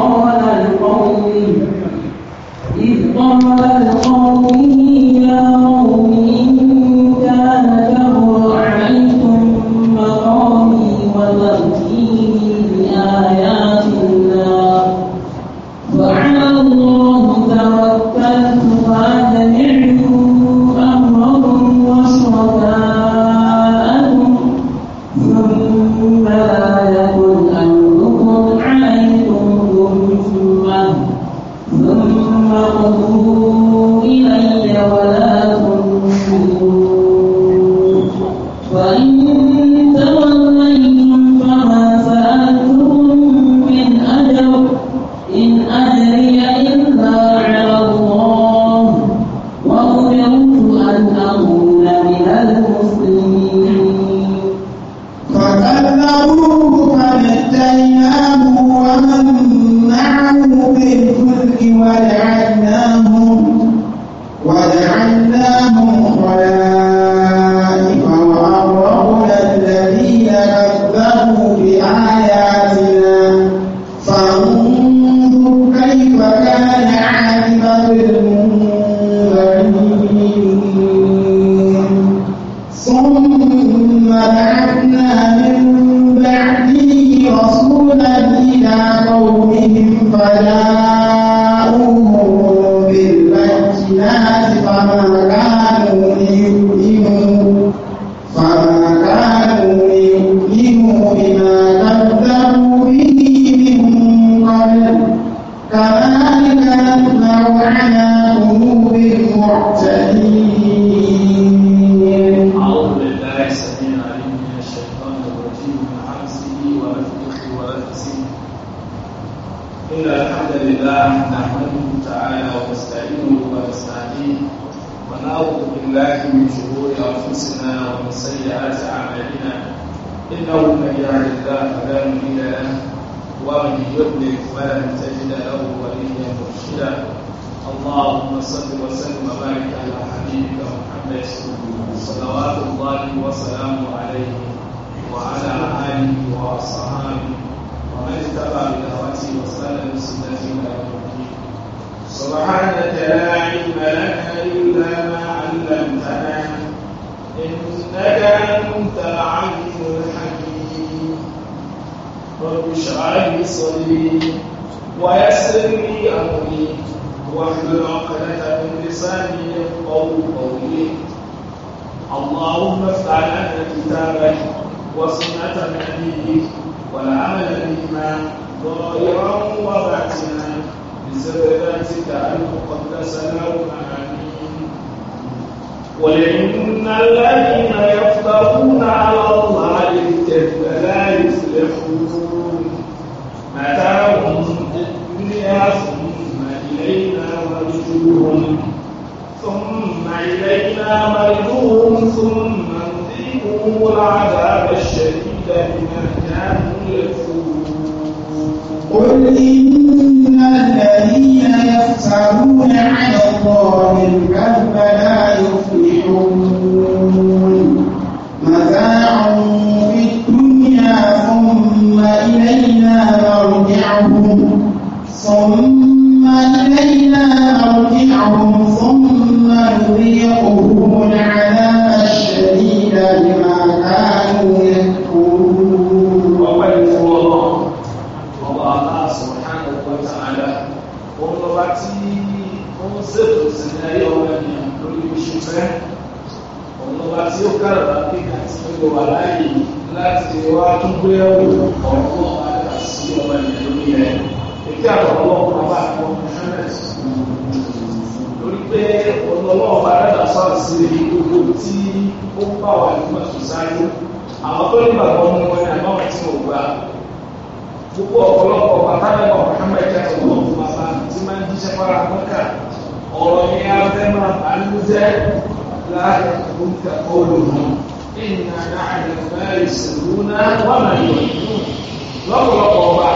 قال لقومه إذ قال لقومه إلينا مرجوهم ثم نذيقه العذاب الشديد بما كانوا يكفرون قل إن الذين يفترون على الله الكذب ṣètò ìsinmi ayé ọmọ ènìyàn lórí oṣù fẹ́ ọ̀nà wa tí ó kàrà bí àti gbogbo wà láàyè láti wá tún gbé ọ̀rọ̀ ọ̀rọ̀ àgbà sí ọmọ ènìyàn lórí rẹ̀ èyí àkọ́kọ́ bàbá àkọ́ insurance lórí pé ọ̀nà ọlọ́ọ̀bà rẹ̀ sọ̀rọ̀ sí gbogbo tí ó bá wà nígbà tó sáyé àwọn tó ní bàbá ọmọ wọn ni àbáwọn tí mo gbà gbogbo ọ̀pọ̀lọpọ̀ bàbá mẹ́wàá Muhammad jẹ́ ọ̀gbọ́n fún bàbá tí máa ń jíṣẹ́ fara mọ́kà ọ̀rọ̀ ni a fẹ́ máa bá ń jẹ́ láàyè àbúkà olùmọ̀ ìnà láàyè fẹ́ẹ́ ìṣèlú náà wà máa yọ̀ nínú lọ́pọ̀lọpọ̀ ọba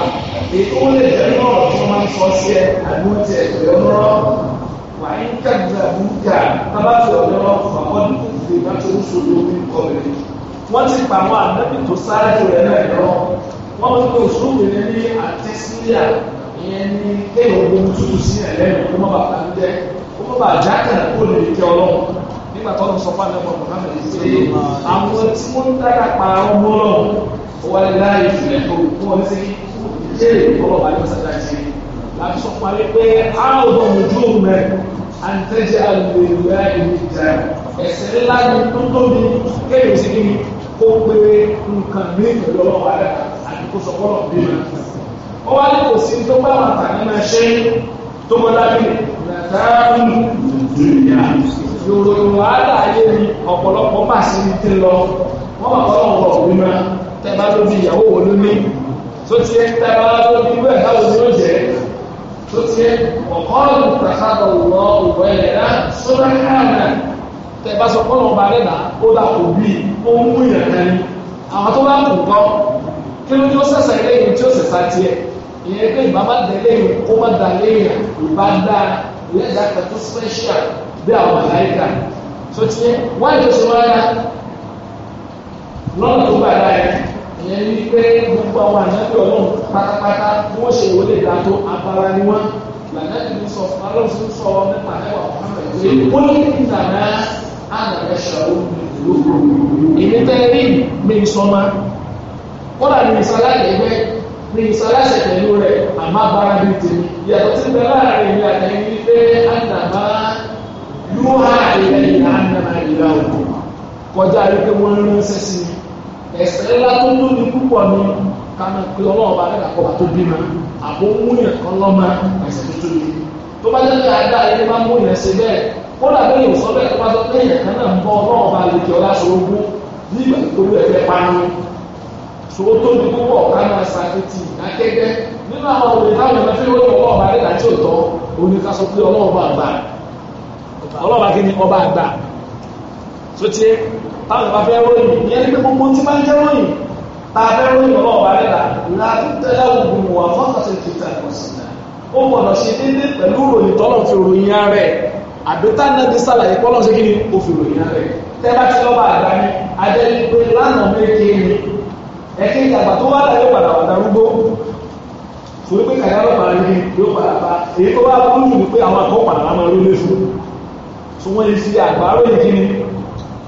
èyí ó lè jẹ́ náà tí wọ́n máa ń sọ sí ẹ àdúntì ẹ̀fẹ̀ ọ̀rọ̀ wà á ń kàdúrà àbúkà bábá bá tó ń sọ̀rọ̀ omi kọ̀ọ̀rẹ́ wọ́n ti pa àwọn tó sáré rẹ̀ náà lọ wọ́n ti kó òṣùwìn ní àtẹ́sílẹ̀ ìyẹn ní kéèyàn ohun tútù sí ẹlẹ́nu kó má bàa bá jẹ́ kó má bàa já kàrà kó lè jẹ́ ọlọ́run nígbà tó ń sọ fún àlẹ́kọ̀ọ́ Muhammad ṣe àwọn tí wọ́n ń dára pa ọmọ ọlọ́run ó wá lé láàyè ìfìlẹ̀ tó kó wọn sí ṣé ìfọwọ́ bá yọ sábà ṣe láti sọ fún alẹ́ pé a ò bọ̀ mojú òun rẹ̀ àǹtẹ̀jẹ̀ àlùwẹ̀ ìwé ẹ̀sẹ̀ ńlá ni tó tóbi kéèyàn sí kí kó pé nǹkan ní ìpẹ̀lú ọlọ́run àdàkà àdìkó sọ fọ́lọ́ bí ó wá ní kò sí tó pẹ́ màtà nínú ẹṣẹ́ tó mọ́ dájú nàtàrún ìdúnyà yòròyìn wàhálà ayé ni ọ̀pọ̀lọpọ̀ bá sí ní tí lọ wọ́n bá kọ́ ọ̀rọ̀ òbí máa tẹ́ bá lóbi ìyàwó wo ló ní tó ti ẹ́ tẹ́ bá lóbi wẹ́ káwọn ló jẹ́ tó ti ẹ́ ọ̀kọ́ọ̀lù tàkàtà wọ́ òwò ẹ̀rẹ̀ náà sódà káàmà tẹ́ bá sọ pọ́nà ọba rẹ̀ náà ó dà kò bí ó ń mú ìrẹ̀lẹ́ ni àwọn tó bá kù kọ́ kí ló ní ó sẹ̀sẹ̀ ilé yìí tí ó sẹ̀sà tiẹ̀ ìyẹn pé ìbá má dẹ léyìn kó má dà léyìn ìbá dá ìyẹn dá pẹ̀tù special bí àwọn àláìka tó tiẹ̀ wáyé tó ṣe wáyá lọ́nà tó bàdá yẹn ìyẹn ní pé gbogbo àwọn àyànfẹ́ ọlọ́run pátápátá bí wọ́n ṣe wọlé ìdá tó abara ni wọ́n lànà ìlú sọ alọ́sùn sọ nípa ẹwà mohammed pé ó ní ìdáná àdàbẹ̀ṣà òun ìlú ìdílé tẹ́lẹ̀ mi ní ìsọláṣẹ pẹ̀lú rẹ̀ àmọ́ bára bíi tèmi a tí bẹ láàrin mi àtẹ̀yìn ní pé ànàmá ni isa pé ọlọ́ọ̀bá rẹ̀ kọ́ wa tó bímọ àbó múyàn kan lọ́mọ ẹ̀sẹ̀ tó tóbi tó bá jẹ́ pé àdá ilé ọrụ múyàn ṣe bẹ́ẹ̀ kó làbẹ́ yóò sọ bẹ́ẹ̀ tó bá jọ to ẹ̀yẹ̀ kan náà ń bọ́ ọlọ́ọ̀bá àlejò so ó tóbi púpọ̀ ká máa ṣàkìtì akẹ́gẹ́ nínú àwọn òwe táwọn èèyàn fi wọ́n ọlọ́run bá nígbà tí ò tọ́ òní ká sọ pé ọlọ́run bá gbà ọlọ́run bá kí ni ọba àgbà tó tiẹ́ táwọn èèyàn bá fẹ́ ròyìn ìyẹn ní pé gbogbo tí máa ń jẹ́ ròyìn tá a fẹ́ ròyìn ọlọ́run bá nígbà láti tẹ́lẹ̀ ogun wà fọ́kàtì tìta ìkọ̀sìnà ó gbọ́dọ̀ ṣe déédéé pẹ̀lú ròyìn tọ́lọ̀ fi ròyìn rẹ̀ àbíta nàbí sàlàyé pọ́lọ́ ṣe kí ni ó fi ròyìn rẹ̀ tẹ́ bá lọ́ba àgbà ni adé ní pé lánàá méje ni ẹ̀sìn ìjàgbà tó wá láyé padà wà darúgbó torí pé kàyà lọ́pàá ní yóò padà bá èyí tó wá burú jù ní pé àwọn àkọ́ padà máa ló lé fún tí wọ́n lè fi àgbárò ìdí ni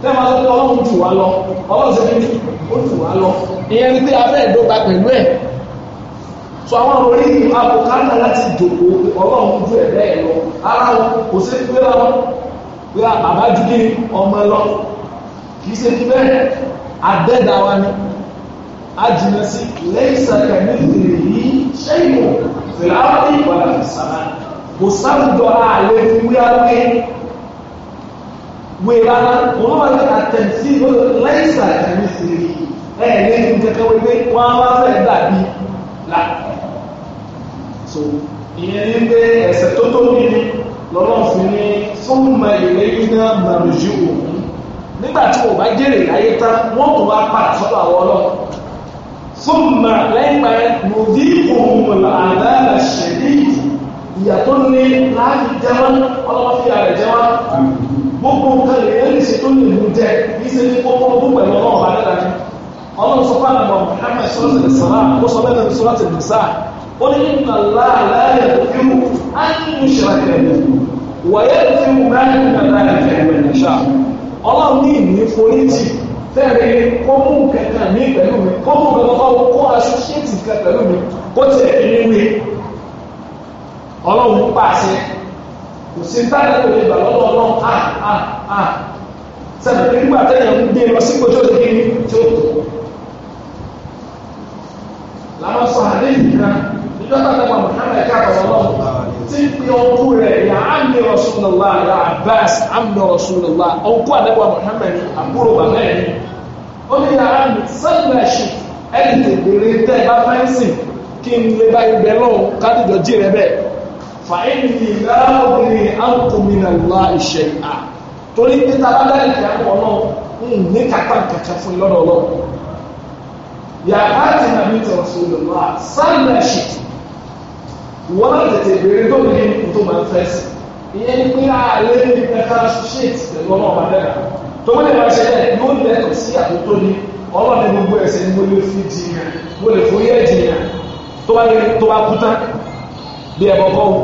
tẹ́lẹ̀ máa sọ́kọ́ ọlọ́run tù wá lọ ọlọ́run ṣe ní ó tù wá lọ ìyẹn ni pé afẹ́ ìdọ́gba pẹ̀lú ẹ̀ so àwọn orí àpòkánà láti jòkó ọlọ́run ju ẹ̀ bẹ́ẹ̀ lọ ara wọn kò sí pé wọn pé àbájú kí ọmọ lọ kì í ṣe bẹ́ẹ̀ adẹ́dáwa ni ajìnà sí lẹ́yìnsàkà ní ìrìn yìí ṣẹ́yìn fìlàáfì ìwàlà fìsàmà kò sáàbùdọ̀ ààrẹ fi wí alẹ́ wé rárá wọn wà ní àtẹ̀sí lẹ́yìnsàkà ní ìrìn yìí ẹ̀ lẹ́yìn kẹ́kẹ́ wípé wọ́n á máa fẹ́ dàbí là so ìyẹn ní pé ẹ̀sẹ̀ tó tóbi ni lọ́nà fún ní súnmọ́ ìlẹ́yìn náà màrùjú òun nígbà tí mo bá jèrè láyé tán wọ́n kò wá pàtó àwọn ọlọ́run ثم لما نذيقهم العذاب الشديد يطن láti jẹun ọlọ́wọ́ fi ààrẹ jẹun gbogbo nǹkan lè lè ṣe tó lè mú jẹ kí ṣe ní kókó gbogbo ẹ̀rọ náà wà dáadáa ọlọ́run sọ fún àwọn Muhammad fẹ́ẹ̀rẹ́ kó mú kẹta ní pẹ̀lú mi kó mú kẹta fáwọn kó asosiyeti kẹ pẹ̀lú mi kó tẹ̀ ẹni wí ọlọ́run pàṣẹ kò sí táyà tó lè gbà lọ́wọ́ ọlọ́run a a a sẹ́ni pé nígbà tẹ́lẹ̀ ń gbé lọ sí kojú òde kí tó làwọn àdéhùn náà ìjọ́tàtàgbà Muhammad káàkiri ọlọ́run tí pé ọkú rẹ̀ yà ámì rọ̀ṣúnlọ́lá yà Abbas ámì rọ̀ṣúnlọ́lá ọkú àdẹ́gbà Muhammad àbúrò bàbá ẹ̀ ó ní yà ámì sẹ́lẹ̀ṣì ẹni tèbèrè tẹ́ bá fẹ́ǹsì kí n lè bá ibẹ̀ lọ́wọ́ kádìjọ jí rẹ bẹ́ẹ̀ fàáyìn ní láàbùnrin àkùnmínàlá ìṣẹ̀ à torí pé tá a bá dárí kí á wọ̀ ìwọ láti tètè béèrè tó ní tó máa ń fẹ́ sí ìyẹn ní pé ààrẹ ní ẹ̀ka ṣíṣètì pẹ̀lú ọmọ ọba dẹ́ra tó wọ́n lè máa ṣe bẹ́ẹ̀ yóò lẹ́tọ̀ sí àtúntò ní ọlọ́run gbogbo ẹ̀sẹ̀ ni mo lè fi jìyàn mo lè forí ẹ̀ jìyàn tó bá yẹ tó bá kú tán bí ẹ̀bọ̀ kọ́ wò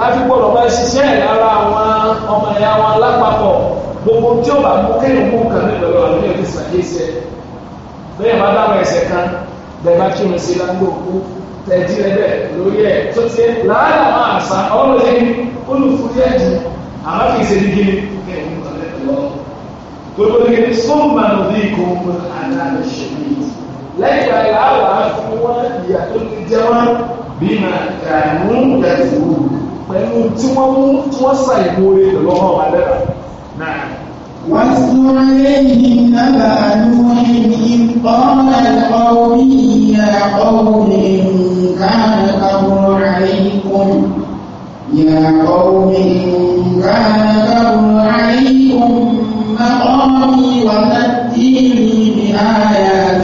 láti gbọ́dọ̀ máa ṣiṣẹ́ lára àwọn ọmọ ẹ̀yà wọn lápapọ̀ gbogbo tí ó bá mú kéèyàn mú kàn ní pẹ̀lú àwọn ilé ìfisàkéṣẹ́ bẹ́ẹ̀ bá dáhùn ẹ̀sẹ̀ kan bẹ́ẹ̀ bá kírun sí lágbó òkú tẹ̀jí rẹ bẹ̀ lórí ẹ̀ tó ti ẹ̀ láàrín àwọn àṣà ọ̀rọ̀ yẹn olùfúrí ẹ̀jù àmọ́ kì í ṣe nígbè kẹ́ ẹ̀ ń tọ́lẹ̀ lọ. gbogbo ní kí sọ́ọ̀mà ló ní ikọ̀ ọmọ àdáàlú ṣe ní ìtì. lẹ́yìn àyà àwọn afún wọn ìyà tó ti jẹ wọn bí mà kàánú kẹsì wù pẹ̀lú tí wọ́n mú tí wọ́n sàyẹ̀wò rẹ̀ lọ́wọ́ àdẹ́rà náà. واتل عليهم نبأ نوح إذ قال لقومه يا قوم إن كان كبر عليكم يا قوم إن كان كبر عليكم مقامي وتأتيني بآياتي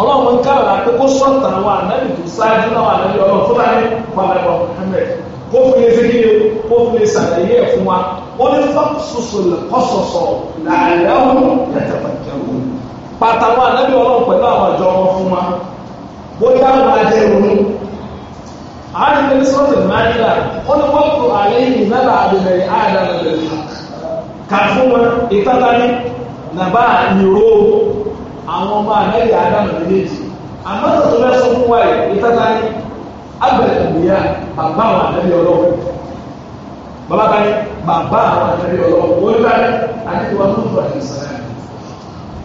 ọlọ́run ń kára pé kó sọ̀tà àwọn ànábì tó ṣáájú náà ànábì ọlọ́run tó dání pàlẹ́bọ̀ Muhammad kó fún lè ṣe kíni kó fún lè ṣàlàyé ẹ̀ fún wa ó ní fọ́sọ̀sọ̀ lọ́sọ̀sọ̀ làálẹ́wọ̀n lẹ́tẹ̀fẹ̀jẹ̀wò pàtàwọn ànábì ọlọ́run pẹ̀lú àwọn àjọ wọn fún wa bóyá wọn á jẹ àárín ní sọ́ọ̀tì máyílà ó ní wọ́n àlẹ́yìn náírà àdìmẹ̀rẹ̀ àwọn ọmọ àmẹ́rì àdánù méjèèjì àmọ́tò tó fẹ́ sọ fún wa yìí ìtàkà ní agbẹ̀tẹ̀gbìyà bàbá àwọn àmẹ́rì ọlọ́wọ́ bàbá kan bàbá àwọn àmẹ́rì ọlọ́wọ́ wọ́n bá ní àdéhùwà lóòtú àdìsàlá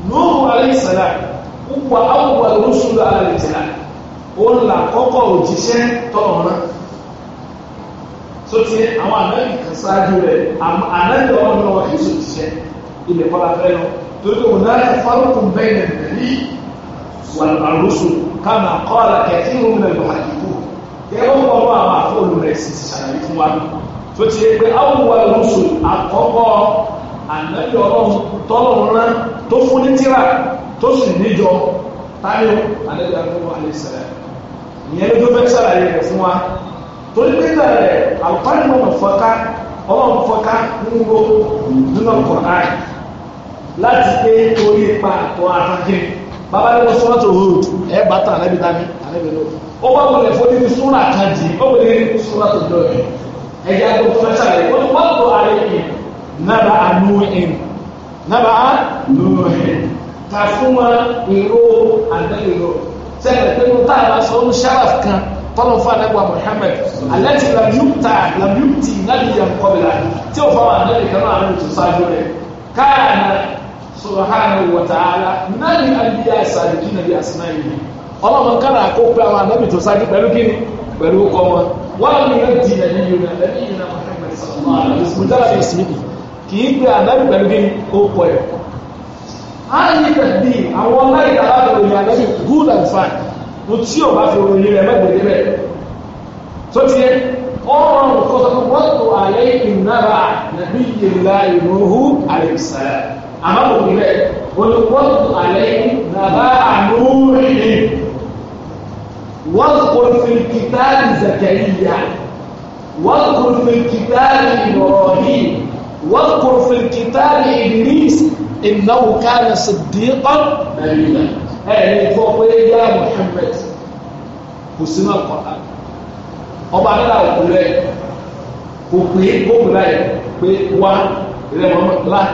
lóòtú àdìsàlá wúwa awùwà lóṣùlù àdìsàlá ó ń là kọ́kọ́ òjíṣẹ́ tọ̀nà tó ti àwọn àmẹ́rì kan ṣáájú rẹ̀ àmẹ́rì ọlọ́wọ́ kì í torí òun náà lè fọ́rùkùn bẹ́ẹ̀ nà nàbí wàlúùsù kàmà kọ́ọ̀lá kẹ̀kẹ́ ìhun nà lọ àdìgbò yẹ́n wọ́n wọ́n àwọn àfọ́ọ̀lù rẹ̀ sì ti ṣàlàyé fún wa tó ti yẹ pé àwọn wàlúùsù àkọ́kọ́ ànábì ọlọ́run tọ́lọ́run rán tó fún ní tíra tó sì níjọ táyọ̀ ànábì àkọ́kọ́ alẹ́ sẹ́lẹ̀ ìyẹn ló fẹ́ ṣàlàyé rẹ̀ fún wa torí pé bẹ̀rẹ̀ àlùkò láti pé orí ipa àtọ́ àtàkì bàbá nínú sọ́ọ̀tù hood ẹ̀ bàtà ànábì dání ànábì ló ó wá wọlé fún nínú súnà kan jì ó wọlé nínú súnà tó dọ̀ ẹ̀ ẹ̀jẹ̀ àgbẹ̀ fún ẹ̀ṣà rẹ̀ wọ́n wá lọ ààrẹ yìí nàbà àánú ẹ̀ nàbà àánú ẹ̀ ká fún wa ìró ànábì ló sẹ́yìn pé mo táà bá sọ ọ́n sharaf kan tọ́lọ̀ fún anagba Muhammad alẹ́tì lamyukta lamyukti nàbìyàn kọ́bìlà tí ò fọwọ́ ànábì kan náà àná subhanahu wa ta'ala náà ni àbíyá ìsàlùkí nàbí àsìmá yìí ọlọ́run kára kó pé àwọn anábì tó ṣáájú pẹ̀lú kíni pẹ̀lú kọ́ wọn wọ́n ní yóò di ẹ̀mí yóò náà ẹ̀mí yìí náà Muhammad sallallahu alaihi wasallam mùtálà bí ìsìnkì kì í pé ó pọ̀ ẹ̀ àmọ́ kò fi bẹ́ẹ̀ olùkọ́sù alẹ́ bàbá àmúrìnì wọ́n kò fi kìtàlì zakariya wọ́n kò fi kìtàlì ìrọ̀lì wọ́n kò fi kìtàlì ìdírísì ìnáwó kánà sìdíkàn nàìjíríà ẹ̀ẹ́dì fọ́ pé yá Muhammad kò sínú àkọ́kọ́ ọba náà kò rẹ̀ kò pé kó kò pé wá rẹ̀ mọ́mọ́ láyé.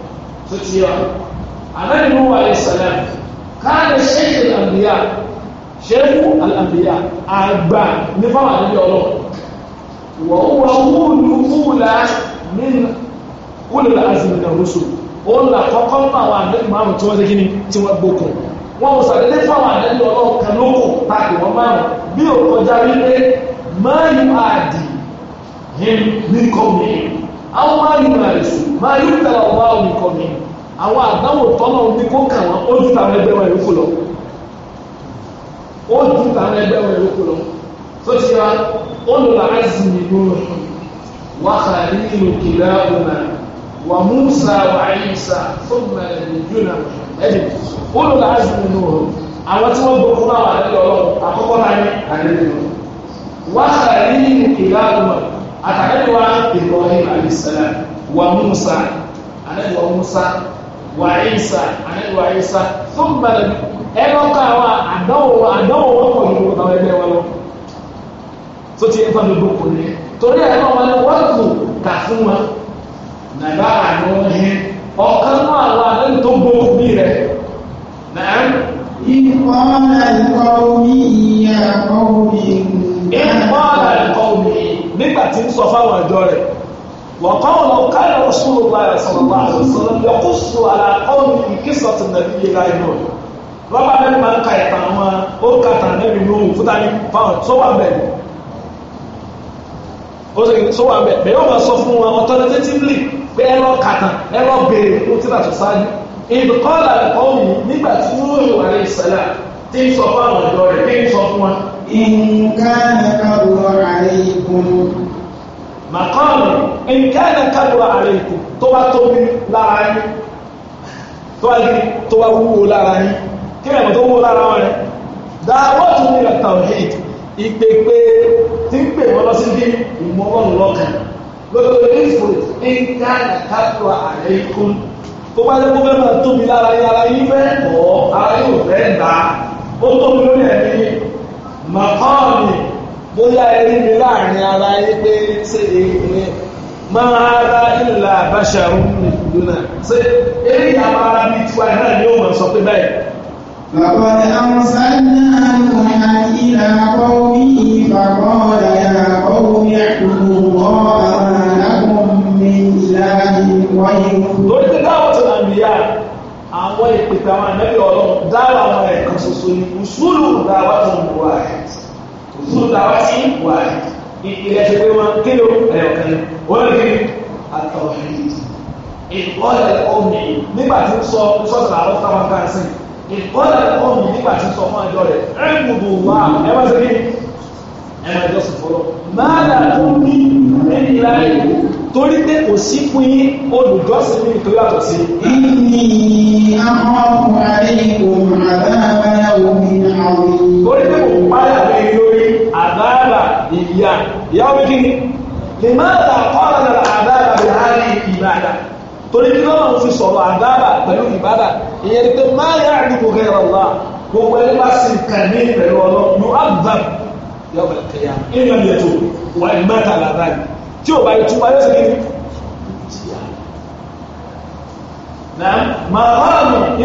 tó ti yọ ànábì mú wa alẹ́ sàlẹ̀ káàdì ṣẹ́kì àbíyá ṣẹ́kù àbíyá àgbà ní fáwọn àdébí ọlọ́ wọ́n wà wúlù wúlà ní wúlù làásìmì náà rúṣù ó là kọ́kọ́ nínú àwọn àdébí márùn tí wọ́n ṣe kíni tí wọ́n gbókun wọn ò sàdédé fáwọn àdébí ọlọ́ kan lóko táàkì wọn márùn bí ò kọjá wípé máyù àdì him ní kọ́mìnì àwọn máa rí ìgbà rẹ̀ máa yóò tẹ̀lé ọ̀wá òmìkan mi àwọn àdánwò tọ́nà ní kó kà wọ́n ó ju tàwọn ẹgbẹ́ wọn yòókù lọ ó ju tàwọn ẹgbẹ́ wọn lọ tó ti ra ó lò wà á Musa wà Ayisa tó nà ẹ̀dínjú nà ó lò àwọn tí wọ́n gbọ́ fún àwọn àdéhùn ọlọ́run àkọ́kọ́ náà ní àtàlẹ́wà Ibrahim alayhisalam wà Musa àlẹ́wà Musa wà Isa àlẹ́wà Isa fún balẹ̀ ẹ̀rọ káwa àdánwò àdánwò wọn kọ̀ nínú àwọn ẹgbẹ́ wọn lọ tó ti ń fa gbogbo kò ní torí ẹ̀rọ wọn ni wọ́n kù kà fún wa nàbà àná ẹ̀ ọ̀kan náà wà lẹ́nu tó gbogbo bí rẹ̀ nígbà tí ń sọ fáwọn àjọ rẹ̀ wọ́n kọ́ wọn lọ káyọ̀ rọ̀ṣúlù láyọ̀ sọ̀rọ̀ láyọ̀ sọ̀rọ̀ yọ kó so ara ọ̀nù ìkísọ̀ tó nà bí yẹn láyé náà rọ́bà mẹ́rin máa ń ka ìtàn wọn ó ń ka tàn mẹ́rin ní òun fúta ní fáwọn tó wà bẹ́ẹ̀ ó sì tó wà bẹ́ẹ̀ bẹ́ẹ̀ ó máa sọ fún wọn authoritatively pé ẹ lọ kàtàn ẹ lọ béèrè ó ti rà sáájú ìdùkọ́ làlẹ́ kọ́ إن كان كبر عليكم مقام إن كان كبر عليكم تبا توبي لاراني تبا وو لاراني كما تبا لاراني دعوة من التوحيد ìpèpè tí ń pè wọ́n lọ sí bí ìmọ̀wọ́n lọ́kàn lọ́dọ̀ ìfò ìka ìkájọ ààrẹ ikú tó bá jẹ́ kó fẹ́ máa tóbi lára yín ara yín fẹ́ pọ̀ ara yóò fẹ́ gbà ó tóbi lórí ẹ̀mí màkọ́ọ̀nì bóyá ẹrí mi láàrin ara yín pé ṣe èyí ni máa ra ìlà àbáṣà òun ní ìlú náà ṣe eré ìyàwó ara bíi tiwa náà ni ó mọ̀ sọ pé báyìí. لقد أرسلنا نوحا إلى قومه فقال يا قوم اعبدوا الله ما لكم من إله غيره. lórí ti dáwọ́ tó nà níyà àwọn ìpètè ànábì ọlọ́run dáwọ́ àwọn ẹ̀kan ṣoṣo ni ìṣúlù dáwọ́ tó ń wá ẹ̀ làwa sí wà ìpìlẹ̀ ṣe pé wọn kí ló ẹ̀ ọ̀kan wọ́n lè rí àtọ̀hìn ìkọ́lẹ̀ ọ̀mì nígbà tí ń sọ sọ́sọ̀ àwọn táwọn kan sí ìkọ́lẹ̀ ọ̀mì nígbà tí ń sọ fún ẹjọ́ rẹ̀ ẹ̀ ń gbogbo wà ẹ wá sí kí ẹ máa jọ sí fọlọ́ máa dà tó ní ẹni láyé torí pé kò sí pín olùjọ́sìn ní ìtòrí àtọ̀ sí. ìní àwọn ọkùnrin kò máa bá a bá a omi àwọn. torí pé kò páyà ìyá ìyàwó mi kí ni lè má ta ọ̀rọ̀ nàrà àdáàbà bẹ̀rẹ̀ á rí ìbàdà torí kí lọ́wọ́ fi sọ̀rọ̀ àdáàbà pẹ̀lú ìbàdà ìyẹn ni pé má yà á dìbò gẹ̀rọ wá gbogbo ẹni bá sì kàn ní pẹ̀lú ọlọ́ yóò á ni ètò wà ní mẹ́ta làbá yìí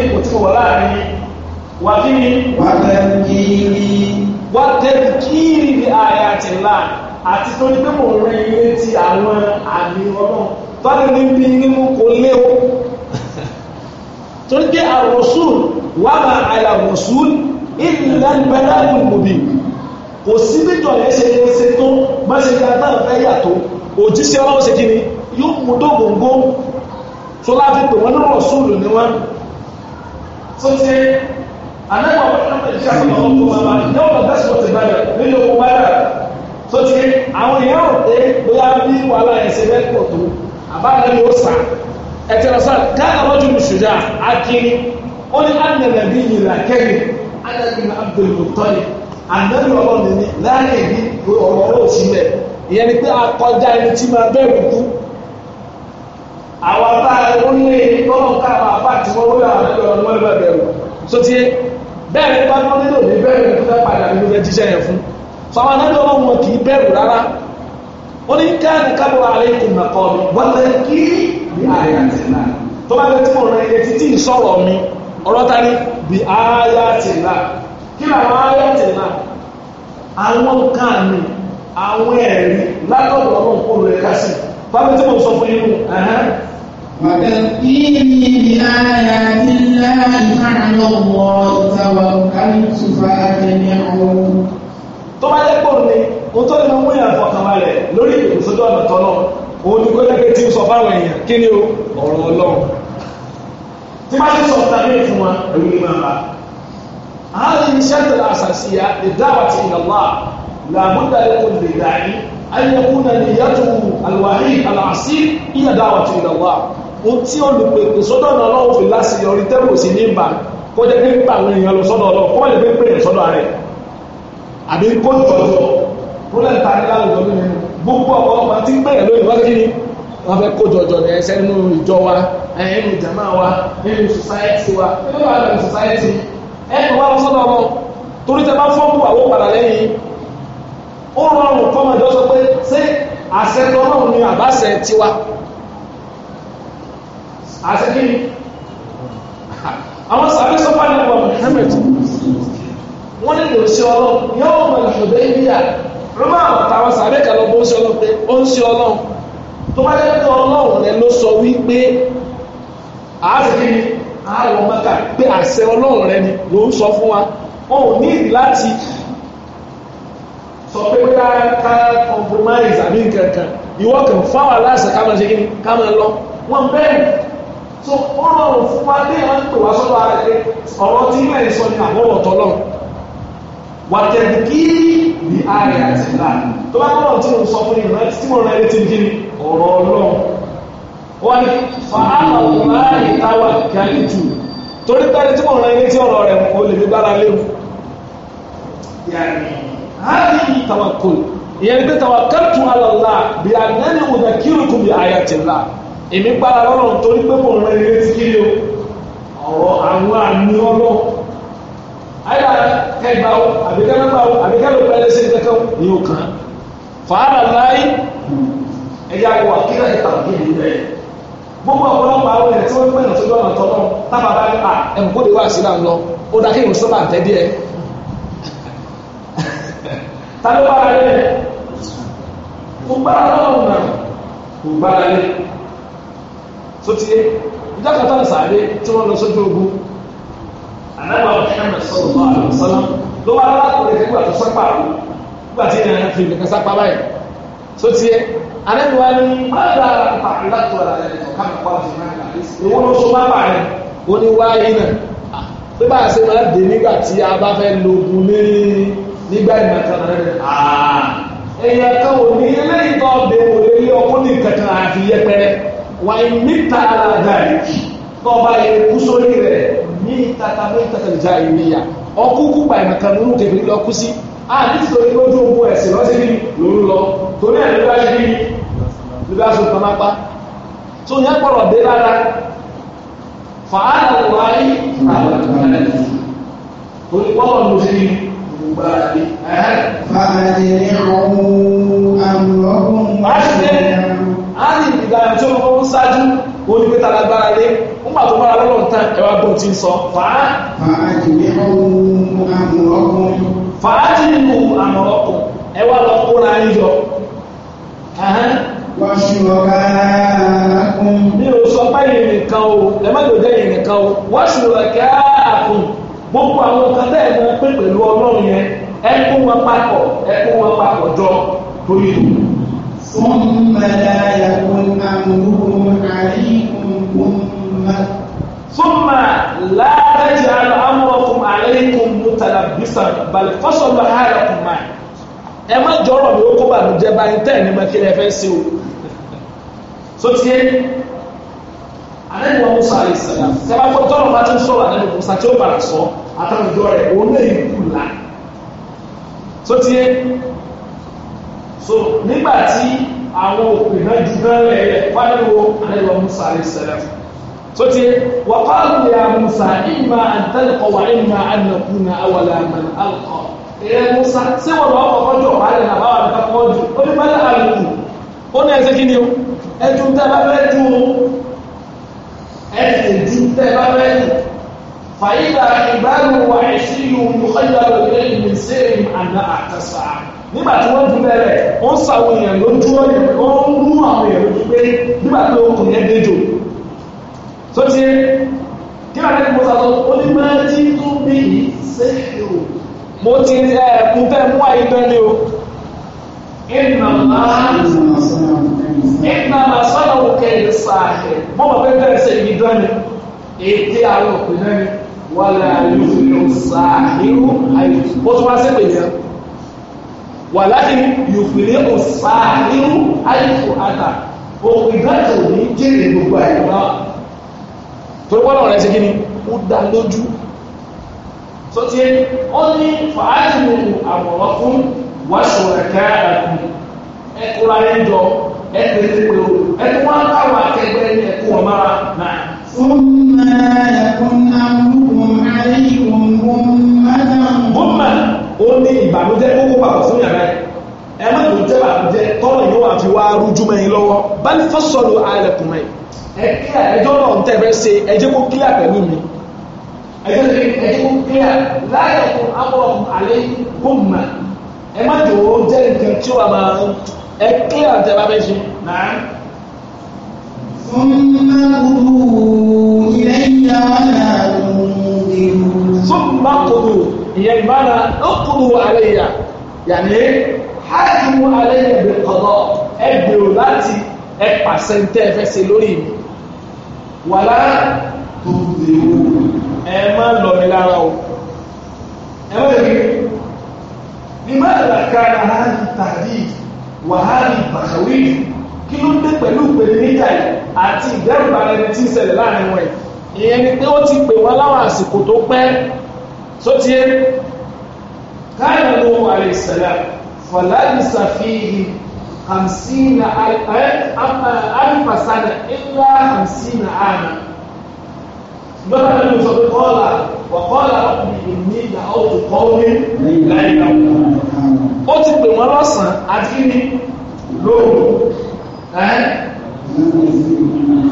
tí ò bá wà tẹ́lẹ̀ kíìrì ní àyà ti là àti tó ní pé mò ń rìn ilé ti àwọn àmì ọlọ́run tọ́lá ní bí mímú kò léwu tó ní pé àwòsùn wà máa àyàwòsùn ìlànà ìbẹ̀rẹ̀ ìmòbí kò sí méjọ yẹn ṣe yẹn ṣe tó bá ṣe yẹn àtàwọn fẹ́ yàtọ̀ òjíṣẹ́ wọn ṣe kí ni yóò mú dógóńgó tó láti pè wọ́n ní rọ̀ṣùlù ni tó ṣe anáwó àwọn ọmọ náà ṣe àwọn ọmọ ọmọ ọmọ ní ọmọ gẹ́sì wọ́n ti bá yẹ nínú ọmọ bá yẹ tó ti àwọn èèyàn rò pé ni ó sà ẹ̀tẹ̀ lọ sà káyà lọ́jọ́ mùsùlùmí akiri ó ní ànàbẹ̀ bí yìnyín akẹ́rì ànàbẹ̀ ní Abdul Muttalib ànàbẹ̀ ọlọ́run ní láàyè bí ọ̀rọ̀ ọ̀rọ̀ ni pé akọjá ẹni tí máa bẹ̀rù àwọn ẹgbẹ̀rún ọmọ ẹgbẹ̀rún ti bẹ́ẹ̀ bá tán nílò ní bẹ́ẹ̀rù tó fẹ́ padà nínú rẹ jíṣẹ́ yẹn fún sọ àwọn ọlọ́run wọn kì í bẹ̀rù rárá ó ní káàdì kábọ̀ alẹ́ kò mà mi wọ́n lẹ́ kí bí ààyè àti tó bá tí mo rẹ etí tí sọ̀rọ̀ mi bí ààyè àti kí làwọn ààyè àti àwọn mi àwọn ẹ̀rí kò lè ká sí tí وتذكيري بآيات الله فعلى الله توكلت فأجمعوا tó bá jẹ́ pé òun ni o tó lè mú ìyàn fọkànbalẹ̀ lórí ìrùsójú ọ̀nà tọ́nà òun ni kó lẹ́gbẹ̀ẹ́ tí ń sọ fáwọn èèyàn kí ni ọ̀rọ̀ ọlọ́run tí bá ti sọ tàbí fún wa ẹ̀rù ní máa bá ààrẹ iṣẹ́ tó la àṣàṣìyà ìdáwàtì ìlàlá làbúdà lẹ́kùn lè dàní ayẹkùn náà ni yàtọ̀ alwàhí alàṣí ìyàdáwàtì ìlàlá ohun tí olùpèpè sọ́dọ̀ náà lọ́wọ́ fi láṣeyọrí tẹ́kù sí ní ìbà kó jẹ́ pé nípa àwọn èèyàn lọ sọ́dọ̀ ọlọ́run kó má lè pé pè é sọ́dọ̀ rẹ̀ àbí kó jọjọ kó lẹ́yìn tá a ní láwùjọ nínú gbogbo ọkọ̀ ọba tí ń pè é lóyún wákìlì ni wọ́n fẹ́ kó jọjọ ní ẹsẹ̀ nínú ìjọ wa nínú ìjàmá wa nínú sòsáyẹ́tì wa nínú àwọn ẹ̀rọ sòsáyẹ́tì ẹ̀rọ wa lọ sọ́dọ̀ ọlọ́run torí tẹ bá fọ́ọ̀mù àwọn padà lẹ́yìn ó rọrùn kọ́mọdé ó sọ pé ṣé àṣẹ tọ́lọ́run ni àbáṣẹ tiwa àṣẹ kí ni àwọn sàbí sọ fún àwọn Muhammad wọ́n ní kò sí ọlọ́run yóò mọ̀ lọ́dọ̀ ibi yà rọ́mà táwọn sàbí kan lọ bó ń ṣe ọlọ́run pé ó ń ṣe ọlọ́run tó bá jẹ́ pé ọlọ́run rẹ ló sọ wípé àṣẹ kí ni àárọ̀ mọ́ta pé àṣẹ ọlọ́run rẹ ni ló ń sọ fún wa wọn ò ní ìdí láti sọ pé bóyá ká compromise àbí nǹkan kan ìwọ kàn fáwọn aláṣẹ ká máa ṣe kí ni ká máa lọ wọn bẹ́ẹ̀ so ó rọrùn fún wa dé wọn pè wá sọ́dọ̀ ara rẹ ọ̀rọ̀ tí ilé ìsọ ni àbọ̀wọ̀ tọ́lọ̀ wà tẹ̀lé kí ní ààrẹ àti ìlà tó bá tọ́lọ̀ tí mo sọ fún ìrìnà tí mo rán ẹni tí kí ọ̀rọ̀ ọlọ́run wọ́n ní fàálà láàyè táwà kíákì jù torí pẹ́ẹ́ni tí mo rán ẹni tí ọ̀rọ̀ rẹ̀ mo lè fi gbára léwu yàrá hali tawakul ìyẹn gbé tawakkaltu ala Allah èmi gbára lọ́rọ̀ nítorí pé kò mọ ilé tí kiri o ọ̀rọ̀ àwọn àmì ọlọ́ àyà kẹgbà o àbíkẹ́lẹ́gbà o àbíkẹ́lẹ́ òkú ẹlẹ́sẹ̀ kẹ́kẹ́ o ní o kàn án fàárà láyé gbogbo àwọn tí tó tábà bá kó lè wá sí náà lọ ó ló tó ti yé ìjọkàtà ìsàlẹ̀ tí wọ́n lọ sójú ogun ànágbà Muhammad sallallahu alaihi wasallam ló wá alákùnrin nígbà tó sápá àwọn nígbà tí ìrìn àfi nìkan sápá báyìí tó ti yé ànágbà wa ni mọ́ra pàtàkì tó ara rẹ̀ tó kàmì pa fún náà ìwọ́n ló so máa bà rẹ̀ ó ní wáyé náà pé bá a ṣe máa dé nígbà tí a bá fẹ́ lo ogun ní nígbà ìmọ̀kan rẹ̀ ọkùnrin kankan àfi yẹpẹrẹ wàyí mítà aládàáyì tọ́ba yẹn kú sórí rẹ̀ ní tata ní tàtàlìjà ìníyà ọkùnkùn gbà ìmọ̀kan ló ń tẹ̀lé lọ kú sí àti torí lójú ogun ẹ̀sìn lọ́sí ní lòún lọ torí ẹ̀ lójú aṣọ yìí lójú aṣọ kan máa pa tó yẹ gbọ́dọ̀ dé lára fàálà wáyé àlàkàlẹ̀ torí gbọ́dọ̀ ló fi gbogbo ara dé. fàálà ti ní ọ̀hún á ní ìdáyà tí ọmọ ọmọ ṣáájú wọn ni agbára lé ń pàtó bára lọ́lọ́ ẹwà gbọ́n ti ń sọ fàá. fàájì ní ọ̀hún àmọ̀rọ̀kùn. fàájì ẹwà lọ kóra yọ. ọ̀gá àkùn. mi ò sọ pé nìkan o ẹ má lò nìkan o ọ̀gá jọ torí ثم لا يكن أمرهم عليكم أمة ثم لا تجعل أمركم عليكم متلبسا بل فصل حالكم معي ẹ má jọrọ mi ó kó bànújẹ́ báyìí tẹ ẹni máa kiri ẹ fẹ́ sí o sotie anẹ́gbọ́n musa alẹ́ sẹ́la sẹ́la fọ́ tọ́lọ̀ bá ti ń sọ̀rọ̀ anẹ́gbọ́n musa tí ó bàrà sọ àtàwọn ìjọ rẹ̀ òun náà yìí kù la sotie so nígbà tí àwọn òpè náà ju náà lẹ́yẹ fáwọn àlejò musa alẹ́sẹ̀lẹ̀ tó ti wà pààlù ya musa ìmà àtẹnukọ wà ìmà ànàkùnà àwàlà àmàlà àlùkọ ìyẹn musa ṣé wọn lọ kọkọ jọ wà lẹ́nu àbáwà nípa kọkọ jù ó ní bàlẹ́ àlùkù ó ní ẹsẹ̀ kí o ẹjú tẹ bá fẹ́ ju o ẹsẹ̀ ju tẹ bá fẹ́ ju fàyídà ìbánu wà ẹ̀sìn yìí mú ọ̀yà òkè nígbà tí wọ́n ti bẹ̀rẹ̀ ó ń sàwọn èèyàn lójú ó ń mú àwọn èèyàn lójú pé nígbà tí okùn yẹn dé jò tó ti kí wọ́n ti mú sàtọ́ ó ní máa ti tún bí ìṣẹ́yò mo ti ẹ̀kún fẹ́ mú àyè tẹ́lẹ̀ o. ìnà máa ìnà máa sọ́dọ̀ òkè ìsàkè mo mọ̀ pé bẹ́ẹ̀ ṣe ìbí dání ètè àwọn òpin náà wọ́n lè àyè òfin ìsàkè ó tún wá sí pèjá. wàláyé yòfìlẹ̀ ọ̀sáàlú àìsù àtà òkùnjáde òní jèrè gbogbo àìyíká tó gbọ́dọ̀ rẹ̀ sí kíni ó ọrụ lójú tó ti ó ní fàájì nínú àwọ̀rọ̀ fún wàṣọ̀rẹ̀ káàkiri ẹkùnra ó ní ìbànújẹ́ kókó papọ̀ fún yàrá ẹ̀ ẹ má tó jẹ́ bàbújẹ́ tọ́lọ̀ yóò wà fi wá rújú mẹ́yìn lọ́wọ́ bali fọ́sọ̀lù alẹ́kùnmẹ́ ẹ kíá ẹjọ́ náà ń tẹ̀rẹ́ ṣe ẹ jẹ́ kó kíá pẹ̀lú mi ẹ jẹ́ kó kíá láyẹ̀kùn amọ̀ràn alẹ́ gbòmà ẹ má tó jẹ́ nǹkan tí wàá máa ẹ kíá tẹ́ bá bẹ́ náà. ثم قضوا إلي ولا تنظرون ìyẹn ìmáàna ọkùnrin wà lẹ́yìn yà yàní hajjú alẹ́yìn bẹ̀ kọ̀dọ̀ ẹ gbèrò láti ẹ pàṣẹ ntẹ́ ẹ fẹ́ ṣe lórí mi wàlá tó dé o ẹ má lọ mi lára o ẹ má lè ní má lè ká ara ní tàbí wàhálì bàkàwí kí ló dé pẹ̀lú ìpèníjà yìí àti ìdẹ́rùbà ẹni tí ń ṣẹlẹ̀ láàrin wọn yìí ìyẹn ni pé ó ti pè wọ́n láwọn àsìkò tó pẹ́ sotie kana nuhu alayhi salam falabisa fihi hamsina eh, alfa sana illa hamsina ama lọ́kàn náà ló sọ pé kọ́ọ̀là wà kọ́ọ̀là ọkùnrin ní ìgbà ọ̀tún kọ́ọ̀lì láì láwùjọ ó ti pè wọ́n lọ́sàn-án àti ní lóòrùn ẹ́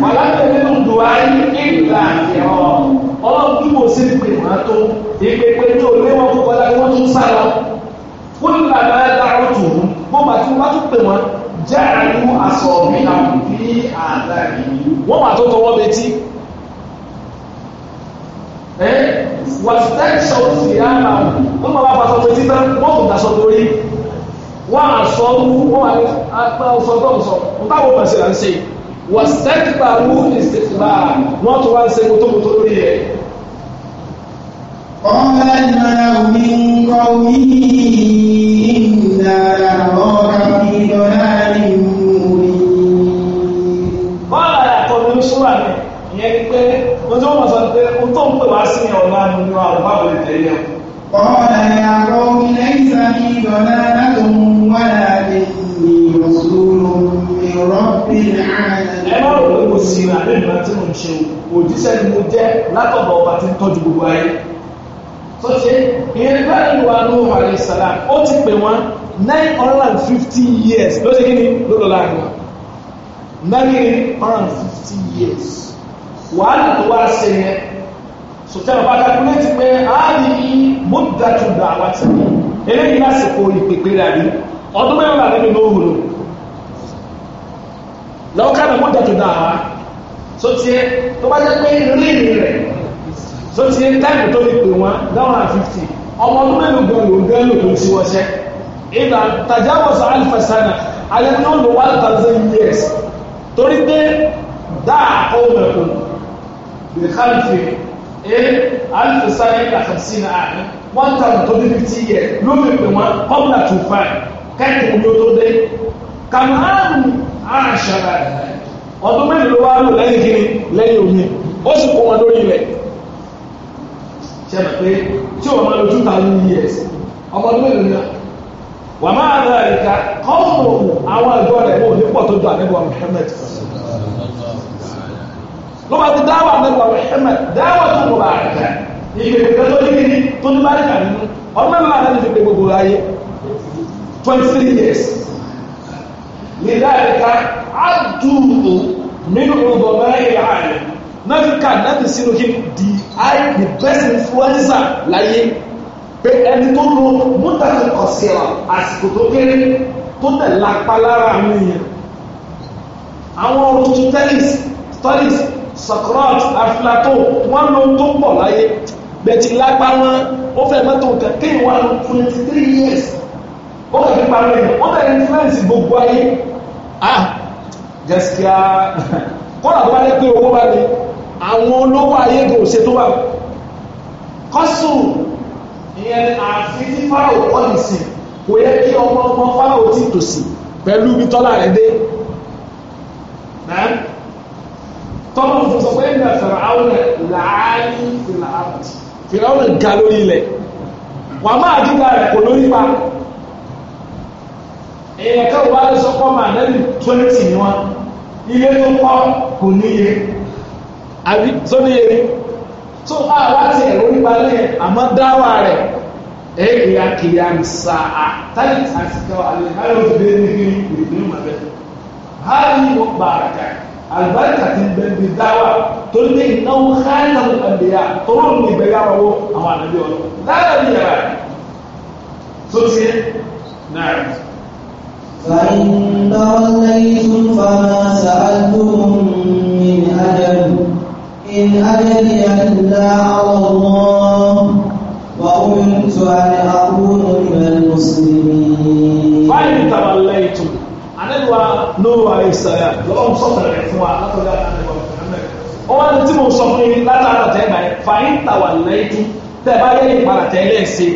wà láti nínú dùn ìgbà àti ìpèpè ní òní wọn kó kọjá kí wọ́n tún sá lọ ó ní bàbá ẹ bá ọ̀rọ̀ tù wọn wọn bá tún bá tún pè wọn jẹ́ àánú aṣọ mi náà bí àdá yìí wọ́n wà tó tọwọ́ betí ẹ wà sẹ́kṣọ̀ sí àná wọn bá bá sọ betí tán wọ́n kò dá sọ lórí wọ́n àṣọ wọ́n wà ní apá ọsọ tó ń sọ nǹkan àwọn ọmọ ìṣẹ̀lẹ̀ ń ṣe wà sẹ́kṣọ̀ wọ́n ti wá ń ṣe kótókótó lórí ẹ̀. قال الملأ من قومه إنا لنراك في ضلال مبين قال يقول سورة ìyẹn pé wọ́n tí wọ́n mọ̀ sọ pé o tó ń pè wá sí ọ̀la nínú àwọn ọba òde tẹ̀lé ẹ̀. قال يا òjíṣẹ́ ni mo jẹ́ látọ̀dọ̀ ọba tí ń tọ́jú gbogbo ayé tó ṣe ìyẹn nípa ìlú wa ní ọmọ àlẹ́ ìsàlá ó ti pè wọ́n nine hundred and fifty years ló ṣe kí ni lọ́dọ̀ láàrin wọn nine hundred and fifty years wàhálà tó wá ṣe yẹn sọtẹ́ ọba kakuléètì pé ààyè yìí mo dájú dá àwọn àti eléyìí lásìkò ìpèpè rà rí ọdún mẹ́wàá nínú lóhùn lò lọ́kànnà mo dájú dá àwọn sọtẹ́ tó bá jẹ́ pé rírì rẹ̀ so ti ní táìmù tó fi pè wọ́n dáwọn àti fifty ọmọ ọdún mẹ́lòó gan ló ń gán lò tó ti wọ́n ṣẹ́ ìgbà tajawasa alifasana alẹ́ ní ó lò one thousand years torí pé dáa ó mẹ́kùn lè kálífì ẹ alifasana ìgbà kàmsí náà àná one thousand tó fi fifty years ló fi pè wọ́n kọ́mùnà tó fà kẹ́kẹ́ omi ó tó dé kàmáàlù àṣàrà ọdún mẹ́lòó wà lò lẹ́yìn kiri lẹ́yìn omi ó sì kó wọn lórí rẹ̀ sẹ́nà pé tí o máa lójú ta ní years ọmọ ọdún mélòó náà wà máa rà ìka kọ́ọ̀mù àwọn ẹ̀gbọ́n rẹ̀ wò ní pọ̀ tó àníbọ̀ Muhammad ló bá ti dáwà àníbọ̀ Muhammad dáwà tó kọ̀ bá àjà ìgbèkùn tó ní kíni tó ní bárí kà nínú ọdún mélòó náà ní fi gbogbo ayé twenty three years lidalika adúlù nínú ọgbọ̀n mẹ́rin ààrẹ náà ká náà fi sínú kí di I the best influencer láyé pé ẹni tó lo mútàkì kọ̀síra àsìkò tó kéré tó tẹ̀ lápá lára àwọn èèyàn. Àwọn Aristotelis, Stolis, Socrates, Aflato, wọ́n lo tó pọ̀ láyé. Bẹ̀tì lápá wọn, ó fẹ́ mọ́tò nǹkan kí wọ́n lo twenty three years. Ó kàn fi parí ẹ̀yìn, ó bẹ̀rẹ̀ influence gbogbo ayé. Ah! Gaskiya, kọ́nà tó bá dé pé owó bá àwọn olówó ayégo ṣe tó wà kọ́sù ìyẹn àti tí fáráwò pọ́lì sí kò yẹ kí ọmọ ọmọ fáráwò tí tòsí pẹ̀lú ibi tọ́lá rẹ̀ dé tọ́lá òfin sọ pé ìgbà fẹ̀rẹ̀ àwọn làálí fìlà àbùtì fìlà àwọn ga lórí ilẹ̀ wà máa dúdà rẹ̀ kò lórí pa èèyàn kẹwàá lè sọ pọ́ màá twenty ni wọn ilé tó pọ́ kò níye àbí sóní eré tó a wá ti ẹ̀rọ nípa lẹ́yìn àmọ́ dáwà rẹ̀ ẹ̀ kìyà kìyà nìsa àtàlẹ̀ àtìkọ́ àlẹ́ ayọ̀ tó dé ní kí ìrìnnì mà bẹ́ẹ̀ hali wọ́n gbà àràkà àlùbáríkà ti bẹ́ẹ̀ di dáwà tó ní ìnáwó hálà àbẹ̀yà tó lóun ní ìgbéyàwó àwọn àdàbí ọ̀rọ̀ dáadáa bí yàrá tó ti náà. فإن توليتم فما سألتم إن أدري إلا على الله وأمرت أن أكون من المسلمين. فإن توليتم ànẹ́lù wa lóòwò ayé sẹ́yà lọ́wọ́ sọ́tọ̀ rẹ̀ fún wa látọ̀dá ànẹ́lù wa wọ́n ní tí mo sọ fún yín látara tẹ́ báyìí fàyín tàwà lẹ́yìn tẹ́ bá yẹ ìpara tẹ́ lẹ́ ṣe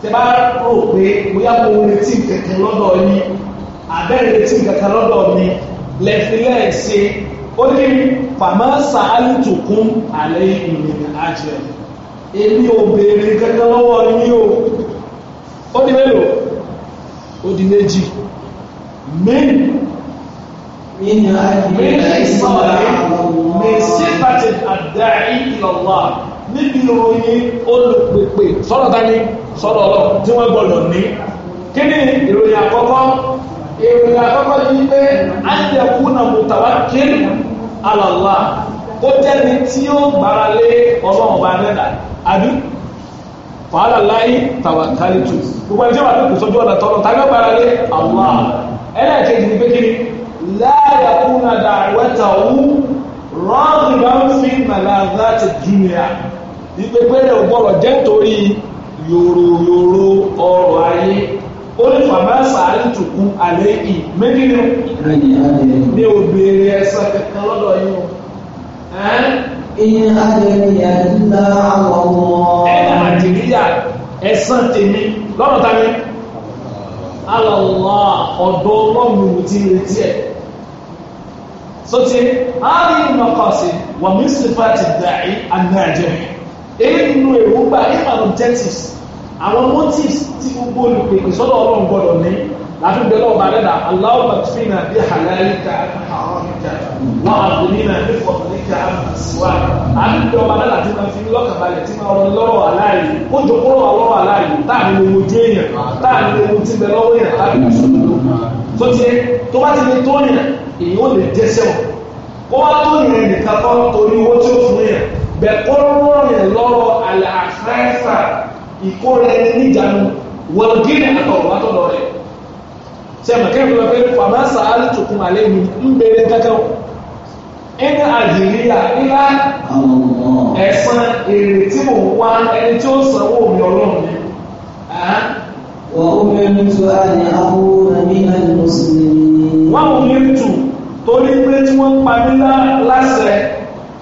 tẹ́ bá rò pé bóyá mo retí kẹ̀kẹ́ lọ́dọ̀ yín àbẹ́rẹ́ retí kẹ̀kẹ́ lọ́dọ̀ mi lẹ́fílẹ́ ṣe ó ní fàmọ́ sàálùtùkún alẹ́ ìrìn àjẹ èmi ò béèrè kankan lọ́wọ́ yín o ó di mélòó ó di méjì mẹ́rin من صفة الداعي إلى الله níbi ìròyìn olùpèpè sọ́rọ̀ dání sọ́rọ̀ ọ̀rọ̀ tí wọ́n gbọ́dọ̀ ní kí ni ìròyìn àkọ́kọ́ ìròyìn àkọ́kọ́ yìí pé àyẹ̀kú na mùtàwá kí alàlá kó jẹ́ni tí ó gbára lé ọlọ́run ọba nẹ́dà àbí wàhálà láyé tàwákálì tù gbogbo ẹni tí wàá lókùn sójú ọ̀nà tọ́lọ̀ tàbí gbára lé àlá ẹlẹ́ẹ̀kejì ní pékiri láyà kúnà dàwẹ́tà wú rọ́ọ̀dì bá ń fi màláńdá ti dúnìyà ìpèpè rẹ̀ gbọ́dọ̀ jẹ́ nítorí yòrò yòrò ọrọ̀ ayé ó ní fàmásà àìtùkú àlẹ́ yìí méjì ni ní òbèrè ẹ̀sán kankan lọ́dọ̀ yìí o. ìyẹn adẹ́rìyà ńlá àwọn ọmọ. ẹ̀ka nàìjíríà ẹ̀sán tèmi lọ́rọ̀ tani alọ́lá ọ̀dọ́ ọlọ́run ti retí ẹ̀. sọ́tí àárín wà mí dàí àgbà àjẹ́ ìmọ̀ objectives àwọn motives tí gbogbo olùpèpè sọ́dọ̀ ọlọ́run gbọ́dọ̀ ní láti bẹ̀rẹ̀ ọba dẹ́dà aláwọ̀ bàtúfìnà bí halalika àmàlíkà wà àbúnínà bí fọ̀tàlíkà àmàsíwá àti bẹ̀rẹ̀ ọba dẹ́dà tí máa fi lọ́kàbalẹ̀ tí máa rọrùn lọ́rọ̀ aláàyè ó jọ kúrò ọlọ́rọ̀ aláàyè táàmì lówó jẹ́ èèyàn táàmì lówó tí bẹ lọ́wọ́ èèyàn táàmì lọ́sọ̀tò tó ti tó bá ti lè tó yàn èyí ó lè jẹ́ sẹ́wọ̀n kó wá tó yàn nìkan kọ́ torí owó tí ó fún yàn bẹ̀ kọ́ lọ́rọ̀ yàn lọ́rọ̀ àlàáfẹ́fà ìkóra ẹni níjànú wọ́n gírí àtọ̀rọ̀ àtọ̀rọ̀ rẹ̀ ṣe mọ̀kẹ́ ìfẹ́ fẹ́ fàmà sàárì tukùn alẹ́ mi ń bèrè kankan ẹni àjìríyà ńlá ẹ̀sán èrè tí mò ń wá ẹni tí ó sanwó mi ọlọ́run mi. wọ́n ó mẹ́rin tó àyè àbúrò mi náà ní mùsùlùmí. wọ́n ò mẹ́rin tù torí pé tí wọ́n pa mí láṣẹ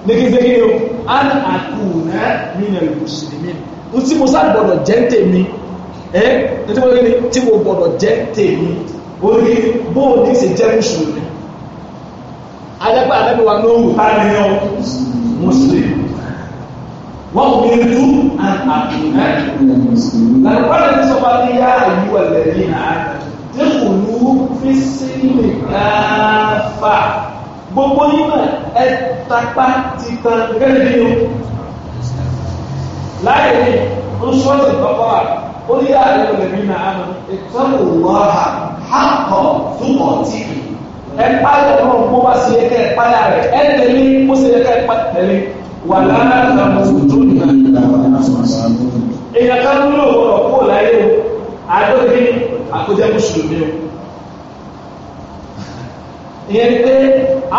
ní kíkékeré o an àkùnà mi náà ní mo tí mo sáà gbọ́dọ̀ jẹ́ ń tèmi ẹ́ tí mo ní tí mo gbọ́dọ̀ jẹ́ ń tèmi ó ní bóun ní ṣe jẹ́ mùsùlùmí adẹ́pẹ́ adẹ́pẹ́ wa ló wù á ní ọ mùsùlùmí wọ́n kò ní tú àti ẹ́ pàdé ní sọ́kọ́ ní yá àyù ẹ̀lẹ́ yìí nà á dẹ́kun lù fi sí mi káfà gbogbo yìí náà ẹ tapá ti tan gẹ́gẹ́ bí o láyé ní ń ṣọ́ọ̀ṣì kọ́kọ́rà ó ní ààrẹ olèmí náà àmà ìtọ́nù wọ́ọ̀hà hákọ̀ túbọ̀ tí kì ẹ pálẹ̀ ọ̀rọ̀ bó bá ṣe yẹ kẹ́ ẹ pálẹ̀ rẹ̀ ẹ tẹ̀lé bó ṣe yẹ kẹ́ ẹ pálẹ̀ wà láàrín àwọn tó ní èèyàn kan ló lò wọ́n kó láyé o àdókè àkójẹ́ mùsùlùmí o ìyẹn pé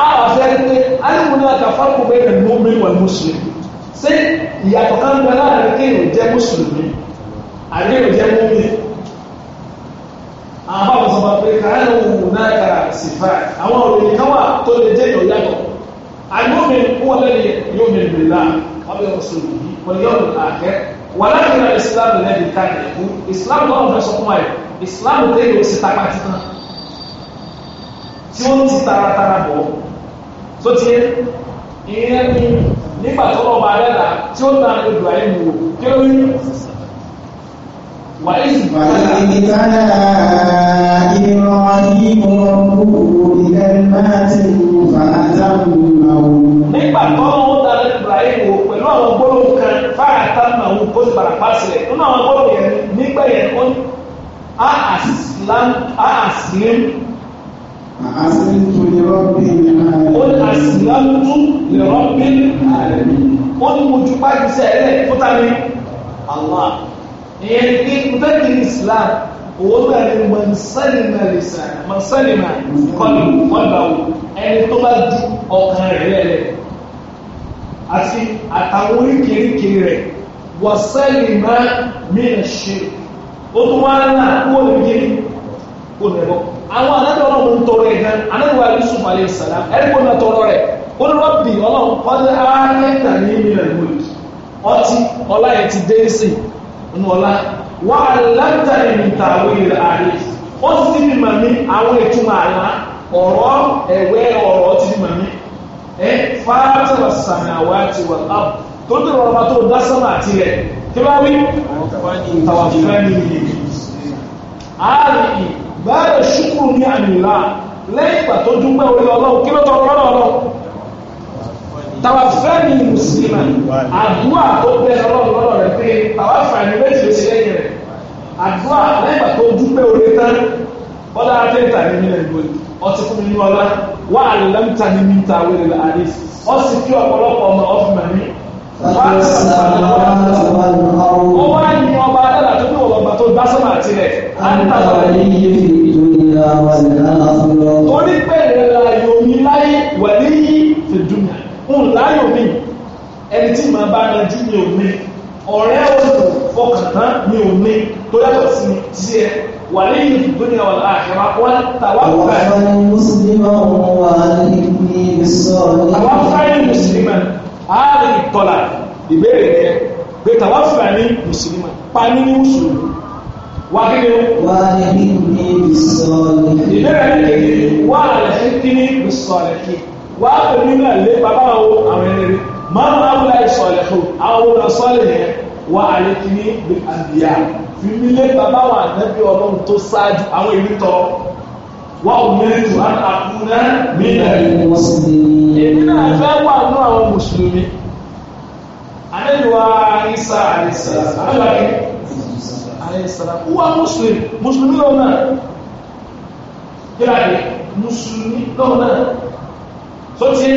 àwọn afẹ́ pé alùpùpù náà kà fáwọn ọmọ ẹ̀rẹ̀ mọ́mí wà mùsùlùmí ṣé ìyàtọ̀ kan ń bẹ láàrin kéèyàn jẹ́ mùsùlùmí àdéhùn jẹ́ múmi àwọn àwọn sọ̀rọ̀ pé káàlù náà kà sí fà àwọn òròyìn kan wà tó lè jẹ́ ìyọ̀ yàtọ̀ àgbọ̀mí wọn lẹ́yìn yóò mi rìn náà wọ́n bẹ mùsùlùmí wọ́n yọ̀ ọ́ àkẹ́ wọ́n láti ra Islam lẹ́bi káàkiri ẹ̀kú Islam náà wọ́n fẹ́ sọ fún wa yẹ Islam lẹ́yìn òsì tápá títàn tí wọ́n ti taratara bọ̀ tó ti yẹ ìyẹn ní nígbà tó lọ bá dẹ́ta tí ó ta Ibrahim wò kí ló ní wàlíì. wàlíì ìtàlá Ibrahim ọkùnrin ilẹ̀ máa ti wù fàtàkù náà. nígbà tó lọ ta Ibrahim wò pẹ̀lú àwọn gbólóhùn kan fàtà ó ní a أسلمت لرب العالمين قل أسلمت لرب العالمين wọ́n ní mo ju báyìí sẹ́ẹ̀lẹ̀ fúta mi Allah ìyẹn ní mutẹ́kì Islam owó náà ní mọ̀nsánìmá lè sàn mọ̀nsánìmá kọ́ni wọ́n gbà wò ẹni tó bá di ọkàn rẹ̀ lẹ́lẹ̀ àti àtàwọn oríkèéríkèé rẹ̀ wọ̀sánìmá mìíràn ṣe ó àwọn anábì ń tọrọ ẹ̀hán anábì wa yusuf alayhi salam ẹ̀rí rẹ̀ ó ní rọ́bì ọlọ́run ní ọtí ọlá yẹn ti dé sí inú ọlá wà á láńtà ààrẹ ó ti ti àwọn ìtumọ̀ ọ̀rọ̀ ẹ̀wẹ́ ọ̀rọ̀ ti wà tó tó àti kí báyọ̀ ṣùkúrù ní àmìlá lẹ́yìn ìgbà tó dúpẹ́ orí ọlọ́run kí ló tọ́ lọ́dọ̀ ọlọ́run tàwáfẹ́ni mùsùlùmí àdúrà tó bẹ ọlọ́run lọ́dọ̀ rẹ̀ pé tàwáfẹ́ni méjì ló ṣe lẹ́yìn rẹ̀ àdúrà lẹ́yìn ìgbà tó dúpẹ́ orí tán ọlá adéǹtà ní nílẹ̀ ìgbò ọtí fún mi ní ọlá wà á lẹ́mtà ní mítà wẹ́rẹ́ láàrin ọ sì kí ọ̀pọ̀lọpọ̀ ọmọ ọ̀fìnmọ̀ tó bá sọ́mà àtìlẹ̀. àǹtàlẹ́ yìí fi ìdúnyà wà náà lọ. torí pé ìrẹ̀lẹ̀ yomi láyé wà níyì fi dùnà ń láyò mi ẹni tí màá bá yanjú mi ò ní ọ̀rẹ́ òògùn fọkàn tán mi ò ní tó yàtọ̀ sí sí ẹ wà níyì fi dùnà wà láàkẹ́wà wọ́n tàwa kọ́ ẹ̀. àwọn ọmọ mùsùlùmí wà ní ìsọ̀rọ̀. àwọn fáyẹ̀ mùsùlùmí àárín ìtọ́lá ìbéèrè rẹ̀ pé tàwa fún àní mùsùlùmí pa ní mùsùlùmí wá kíni o. wá ní ní ìsọ̀lẹ̀. ìbéèrè ní kejì wá àlẹ́ kí ní ìsọ̀lẹ̀ kí wá pẹ̀lú náà lé bàbá àwọn àwọn ẹni rí máa ń wá ìsọ̀lẹ̀ fún àwọn olùsọ̀lẹ̀ yẹn wá àlẹ́ kí ní àbíyá fìmí lé bàbá àwọn ànábì ọlọ́run tó ṣáájú àwọn ìlú tọ́ wá òmìnirí wà àkúnná mílẹ̀ mùsùlùmí. èmi náà fẹ́ wà nú àwọn mùsùlùmí. àlejò wa isa àìsàn àlọ́ àìsàn wà mùsùlùmí mùsùlùmí lọ́wọ́ náà yíláde mùsùlùmí lọ́wọ́ náà tó ti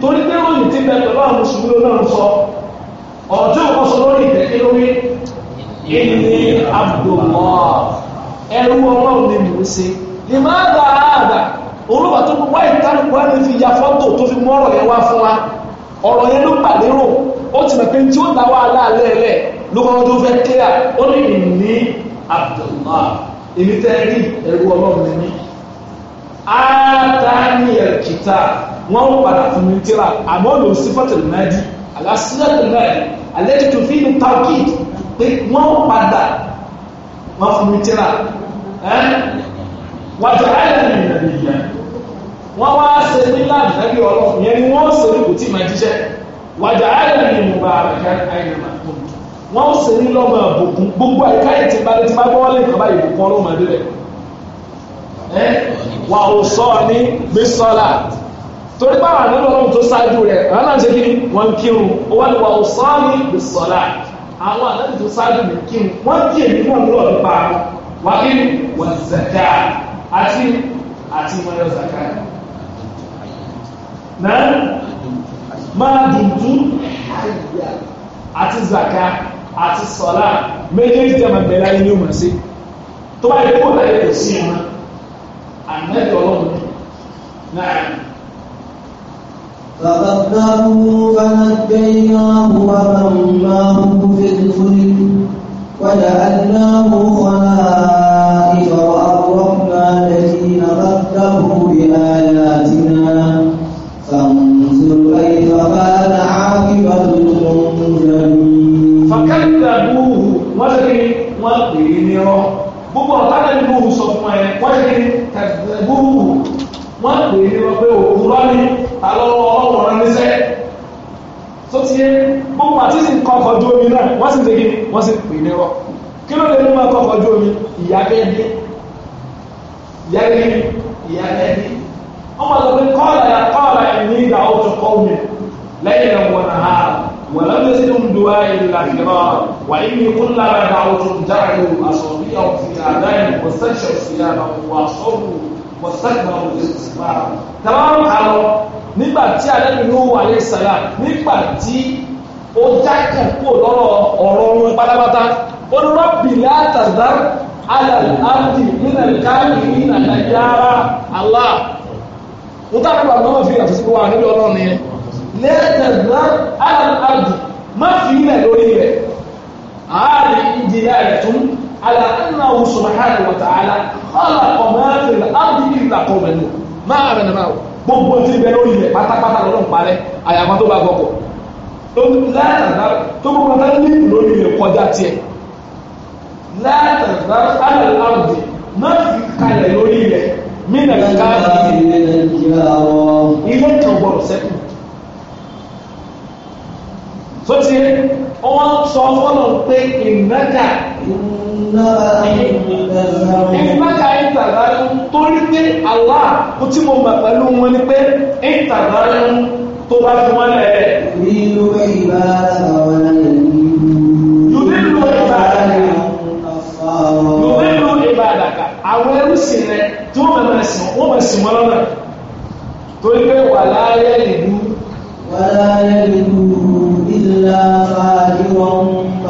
torí pé ròyìn ti bẹ pẹ̀lú àwọn mùsùlùmí lọ́wọ́ náà sọ ọjọ́ ìkọsọ lórí ìtẹ̀kẹ́ lórí ìní abdùmọ́ ẹrú ọlọ́run ni mò ń ṣe lè má dà áàdà olùbà tó gbogbo àìtàn kúrò ní fi ya fọ́tò tó fi mú ọ̀rọ̀ yẹn wá fún wa ọ̀rọ̀ yẹn ló pàdérò ó ti mọ̀ pé tí ó dá wàhálà lẹ́ẹ̀lẹ́ẹ̀ lókọ́ tó fẹ́ kílà ó ní ìní Abdullah èmi tẹ́rí ẹ̀rú ọlọ́run ní átàní ẹ̀kìtà wọ́n padà fún mi kílà àmọ́ lò sí fọ́tẹ̀lẹ́dì alásílẹ̀tẹ̀lẹ́dì alẹ́dì tó fi ní taukid pé wọ́n padà wọ́n fún mi kílà wàjà ayẹyẹ ìrìnàmì yẹn wọ́n wá ṣe ní láàrín ọlọ́run yẹn ni wọ́n ṣe ní kò tí ì máa jíṣẹ́ wàjà ayẹyẹ ìrìnàmì mubarak ayẹyẹ wọ́n ṣe ní lọ́mọ àbùkún gbogbo àyíká yìí ti balẹ̀ tí máa gbọ́ wọlé nǹkan báyìí kọ́ ló máa délẹ̀ ẹ́ wà ó sọ ní bísọ́là torí báwa nínú ọlọ́run tó ṣáájú rẹ̀ àwọn náà ṣe kí ni wọ́n kírun ó wá ní wà ó sọ ní bísọ́là àwọn àdáni tó ṣáájú rẹ̀ kírun wọ́n kí èmi náà lọ nípa wà kí ni wà zàkà àti àti mọ́yọ́ zàkà náà máa dùn dùn àti zàkà àti sọ̀lá méjèèjì tẹ̀ máa bẹ̀rẹ̀ ayé ní òmà sí tó bá yẹ kó láyé kò sí ìmọ̀ ànáyẹ ọlọ́run náà. فقدره فنجيناه ومولاه في الفلك وجعلناه خلائف وأغرقنا الذين قدروا بآياتنا ìmẹ́ta ìmẹ́ta ìtàgbárí torí pé Allah kò tí mo mọ̀ pẹ̀lú wọn ni pé ìtàgbárí tó bá fi wọ́n lẹ̀ nínú ìbá àwọn àwọn ẹrúsìn rẹ tí wọ́n mọ̀ ẹ̀sìn wọ́n mọ̀ ẹ̀sìn mọ́lọ́nà torí pé wà láyé ìlú wà láyé ìlú ìlú ìlú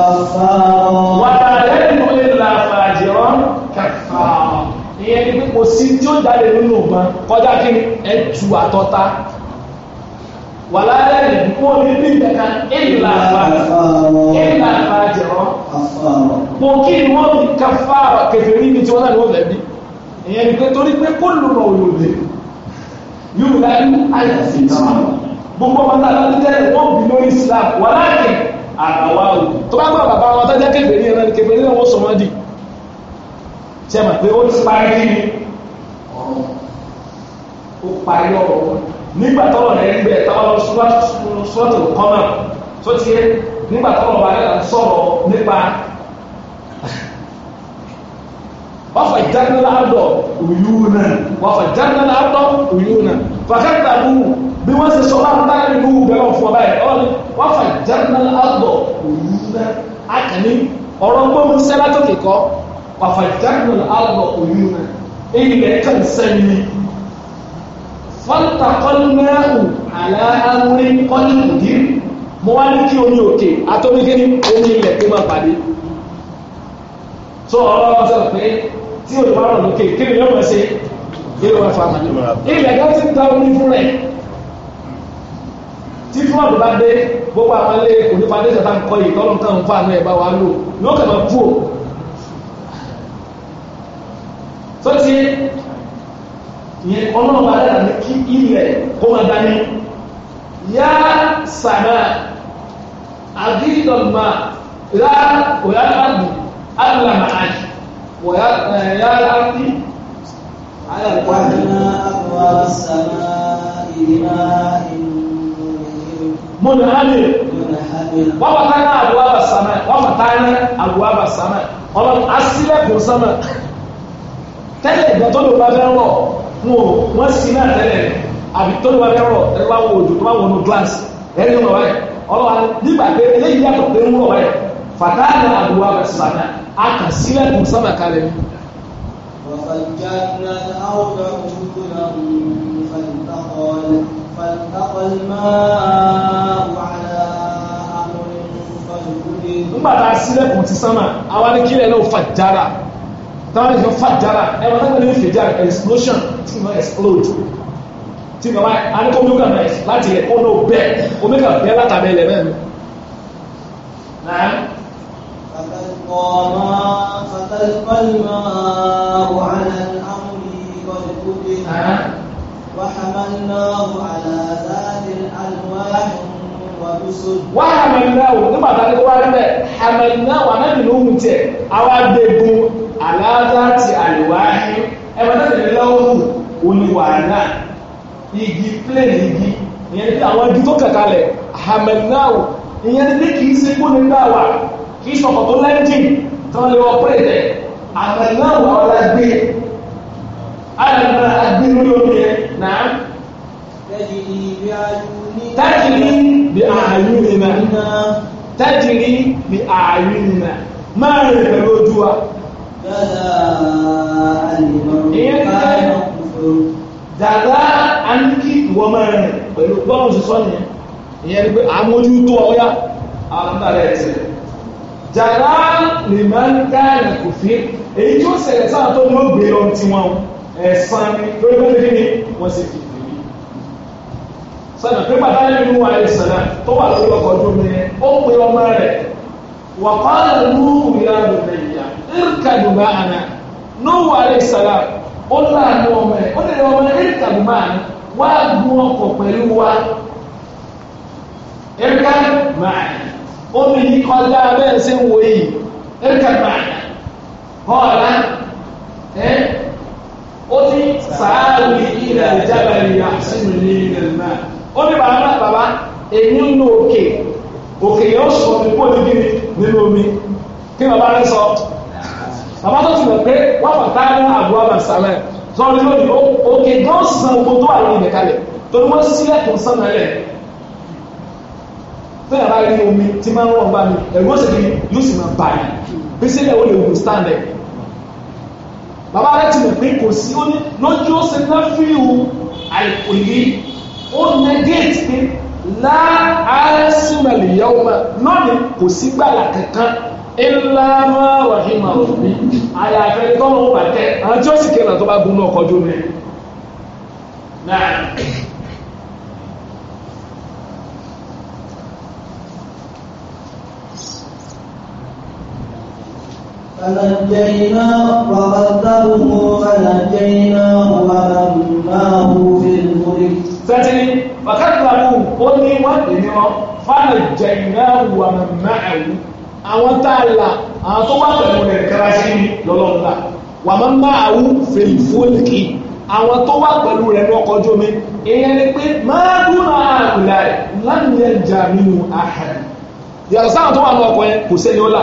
kàfàrọ̀. wà á lẹ́nu ìlà fàjẹ́rọ́ kàfàrọ̀. ìyẹn ni pé kò sí tí ó jáde nínú ọgbọ́n kọjá kí ẹ tu àtọ́ta. wà á lẹ́nu kó ní bí kankan ìlà fàjẹ́rọ́. mo kí ni wọ́n fi kàfàrọ̀ kẹfẹ́ rí ni tí wọ́n náà ni wọ́n fẹ́ bí. ìyẹn ni pé torí pé kó lùmọ̀ òyòlè yóò láyé àyàfi náà gbogbo ọmọ náà lọ́dún tẹ́lẹ̀ wọ́n bí lórí Islam wà láàyè àbáwá o tó bá gbọ́ bàbá wọn tọ́jọ́ kẹfẹ́rí ẹ̀rọ ni kẹfẹ́rí náà wọ́n sọ wọ́n dì ṣe mọ̀ pé ó ti parí kí ni ọ̀rọ̀ ó parí ọ̀rọ̀ wọn nígbà tọ́lọ̀ rẹ̀ ń bẹ̀ táwọn sọ́ọ̀tù kọ́nà tó ti nígbà tọ́lọ̀ wà sọ̀rọ̀ nípa وفجرنا الأرض عيونا وفجرنا الأرض عيونا فكذبوا بما سيصلاه تعالى نقول بلون فباي قال وفجرنا الأرض عيونا أكني ọ̀rọ̀gbọ́ mú sẹ́lá tó kìkọ́ pàfàjáàmù àlọ́ òyìnbó ilẹ̀ kan sẹ́yìn fọ́ntàkọ́lùmẹ́rù aláàárín kọ́lùmùdí mo wá ní kí omi òkè atómígé ní omi ilẹ̀ tó máa pàdé tó ọ̀rọ̀ ọ̀sẹ̀ pé tí o bá rọ̀ lókè kí ni yóò máa ṣe yóò máa fa àmàlẹ́ ilẹ̀ ká ti ta omi fún rẹ̀ tí fún àbúrò bá dé gbogbo àmàlẹ́ onípadé ṣẹ̀ta ń kọ́ yìí tọ́lọ́ nǹkan ń fa àmì ẹ̀ bá wa lò yóò kàn máa kú o tó ti yẹ ọlọ́run bá dára ní kí ilẹ̀ kó máa dání yá sàmà àdìdọ̀gbà rárá kò yára bá dùn á àjì. ويا الأرض على وجنا Ọ na akà sílẹ̀ kù sọ́mà kalẹ̀ mi. وفجرنا الأرض عيونا فالتقى فالتقى الماء على أمر nígbà tá a sílẹ̀kùn ti sánmà àwa ní kílẹ̀ náà fàjára táwọn èèyàn fàjára ẹ̀rọ náà ní fèjára explosion tí wọ́n explode tí bàbá àdékò omega bẹ̀rẹ̀ láti ẹ̀kọ́ náà bẹ́ẹ̀ omega bẹ́ẹ̀ látàbẹ̀ ilẹ̀ bẹ́ẹ̀ فسقاها فتلقى الماء على الأرض قد كبها وحملناه على ذات الألواح وحملناه nígbà tá a حملناه ànábì على ذات الألواح tẹ̀lé lọ́wọ́ oníwàánà igi plẹ̀ igi ìyẹn àwọn igi tó ìyẹn ní kì í ṣe kó wà. kì í ṣọkọ̀ tó lẹ́ńjìn tó lè wọ pé tẹ̀ àmọ́ náà wà ọ́ la gbé àyànnà agbé lórí omi yẹn náà. tajiri bi ayunina tajiri bi ayunina máa rìn pẹ̀lú ojú wa. ìyẹn ti tẹ́ dàda àníkì ìyẹn ni pé àmójútó ọ̀ya àwọn ọ̀dà rẹ̀ ti jàlá lè máa ń ká ẹ̀rẹ̀ kò fi èyí tí ó ṣẹlẹ̀ sáà tó ló gbé lọ ti wọn ẹ̀sán lórí bó ti ní wọ́n sì fi pè mí. sọ́nà pé bàbá nínú wa lè sọ̀rọ̀ tó wà lórí ọkọ̀ ọdún mi ó pe ọmọ rẹ̀ wà pa lóru ìyá lòdì ìyá ìrìkàdùnmá àná nóòwò alẹ́ sọ̀rọ̀ ó láàánú ọmọ ẹ̀ ó lè ọmọ ìrìkàdùnmá àná wá gun ọkọ̀ pẹ̀lú wa ìrìkàdùnmá àná omi yìí kọjá bẹ́ẹ̀ ṣe ń wo yìí ẹ̀kẹ́gbà ọ̀la ẹ̀ ó ti sàárì ilẹ̀ ìjábẹ̀rì àṣìlù ní ilẹ̀ náà ó ní bàbá náà bàbá èyí ń lo òkè òkè yóò sọ ní kó ní kíni nínú omi kí bàbá rẹ sọ bàbá tó ti mọ̀ pé wọ́n fàtà ní àbúrò àbàṣálẹ̀ sọ ní lónìí òkè gan sàn gbogbo àwọn ìdẹ̀kalẹ̀ torí wọ́n sílẹ̀kùn sàn náà lẹ̀ fẹ́ yàrá rí omi tí máa ń wọ̀ bá mi ẹ̀rú ọ̀sẹ̀ kìíní yóò sì máa bá yìí bí sílẹ̀ ó lè wò stand ẹ̀. bàbá rẹ ti mọ̀ pé kò sí ó ní lójú ó ṣe ná fíìwù àìkò yìí ó negate pé láàásìmọ̀lì yẹ́wò máa lónìí kò sí gbàlà kankan ńlá máa rahima òbí àyàfẹ́ tọ́lọ́wọ́ bàtẹ́ àwọn tí ó sì kéwàá tó bá gún náà kọjú mi. فنجيناه وقدره فنجيناه ورماه في الفلك فتني فكذبوا قلني وانني فنجيناه ومن معه àwọn tá a là àwọn tó wà pẹ̀lú rẹ̀ kára sí ni lọ́lọ́run là wà máa ń bá àwọn tó wà pẹ̀lú rẹ̀ ní ọkọ̀ ojú omi ni pé máa dúró àgùlà rẹ̀ láàrin ẹja nínú àhàn yàtọ̀ sáwọn tó wà ní ọkọ̀ yẹn kò sẹ́ni ó là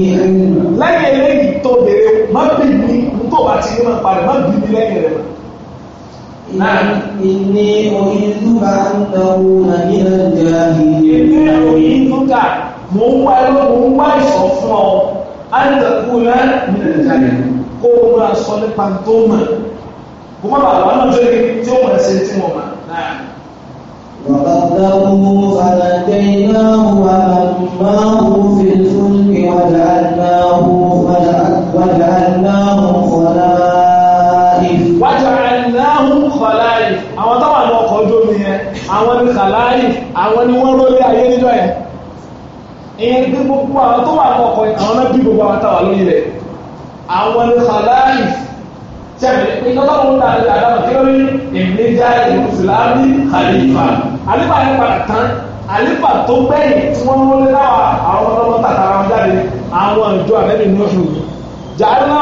lẹ́yìn eléyìí tó bèrè má bì mí tó bá ti ní máa parí má bì mí lẹ́yìn rẹ̀ mọ́. Ìní oyin dúkà ń dáwó àbí ẹ̀jẹ̀ àbí. Ìní oyin dúkà mò ń wá ẹ̀rọ mò ń wá ìsọ̀ fún ọ. Á ń dẹ̀kú rẹ̀ ní ẹ̀jẹ̀ kó o máa sọ nípa tó mọ̀. Kó má bàa wà náà tó tí ó mọ̀ ẹsẹ̀ tí mo mọ̀ náà. وقدمه فنجيناه وأمناه في الفلك وجعلناه وجعلناهم خلائف وجعلناهم خلائف àwọn táwọn àwọn ọkọ̀ ojú omi yẹn àwọn ni khalaif àwọn ni wọ́n rólé ayé níjọ́ yẹn ìyẹn pé gbogbo àwọn tó wà ní ọkọ̀ yẹn àwọn náà bí gbogbo àwọn táwọn lórí rẹ̀ àwọn ni khalaif tẹ̀lé ìjọba òun náà ti àdámọ̀ kí ló ìmìlẹ́jà ìmùsùlámì khalifa àlébà yẹn padà tán àlébà tó gbẹ̀yìn tí wọ́n wọlé láwa àwọn ọmọ tàtàrà wọn jáde àwọn ìjọ àbẹ́bí ní oṣù yìí jàdínà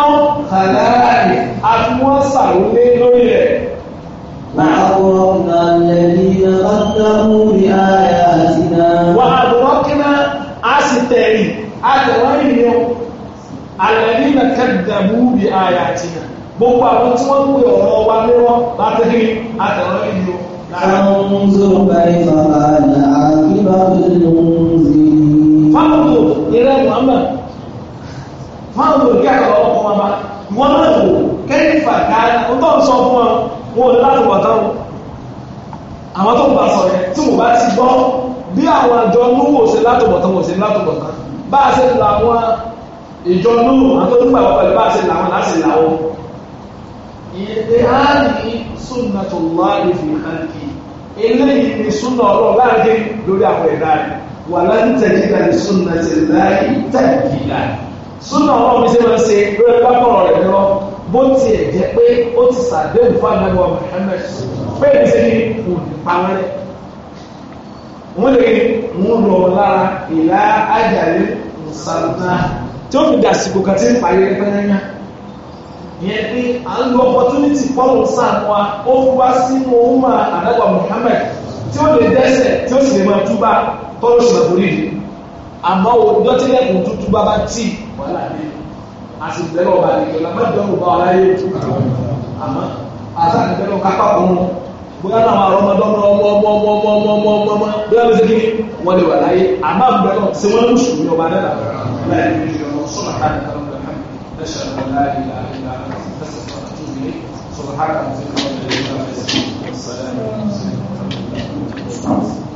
kàdáàdì àti wọ́n sàrúlé lórí rẹ̀. وأغرقنا الذين قدموا بآياتنا وأدركنا أستري أدركنا الذين كذبوا بآياتنا gbogbo àwọn tí wọ́n ń pè ọ̀rọ̀ wa lérò látẹ́rí àtẹ̀rọ̀ ìlú فانظر كيف كان عاقبة المنذرين فانظر إلى محمد فانظر كيف الله محمد وانظر كيف كان وانظر صفوان wọn láti wà táwọn àwọn tó ń bá sọ yẹn tí mo bá ti gbọ́ bí àwọn àjọ núwò ṣe látọ̀bọ̀tán wò ṣe látọ̀bọ̀tán bá a ṣe làwọn ìjọ láti làwọn ìyẹn pé á ní sunnatullahi fi khalqi eléyìí ni súnà ọlọ́run láàdé lórí àwọn ẹ̀dá rẹ̀ wà láńtẹ̀lé ìlànà sunnatullahi tẹ̀kìlá súnà ọlọ́run mi ṣe máa ń ṣe lórí pápọ̀rọ̀ rẹ̀ lọ bó tiẹ̀ jẹ́ pé ó ti sàdéhùn fún àgbẹ̀wò pé ní sẹ́ni ní pa wọ́n yẹn pé à ń lo opportunity pọ́ùn sáà wa ó wá sínú ohun máa àdágbà Muhammad tí ó lè dẹ́sẹ̀ tí ó sì lè máa túbà tọ́lọ́ sì máa borí rẹ̀ àmọ́ òjò tí lẹ́kùn tuntun bá bá tì wàhálà ní àsìkò ẹ̀rọ ọba àlejò lápẹ́jọ́ kò bá wa láyé àmọ́ àtàkùn ẹ̀rọ kápá kan wọn bóyá náà àwọn ọmọdọ́mọ ọmọ ọmọ ọmọ ọmọ ọmọ ọmọ ọmọ ọmọ bóyá ló ṣe kí wọ́n lè wà láyé àmọ́ àbúrò náà ṣe wọ́n lùsùn ní ọba náà láì ní ìṣòro sọ́nà káàdì kan أشهد أن لا إله إلا أنت أستغفرك وأتوب إليك سبحانك اللهم وبحمدك والسلام على المرسلين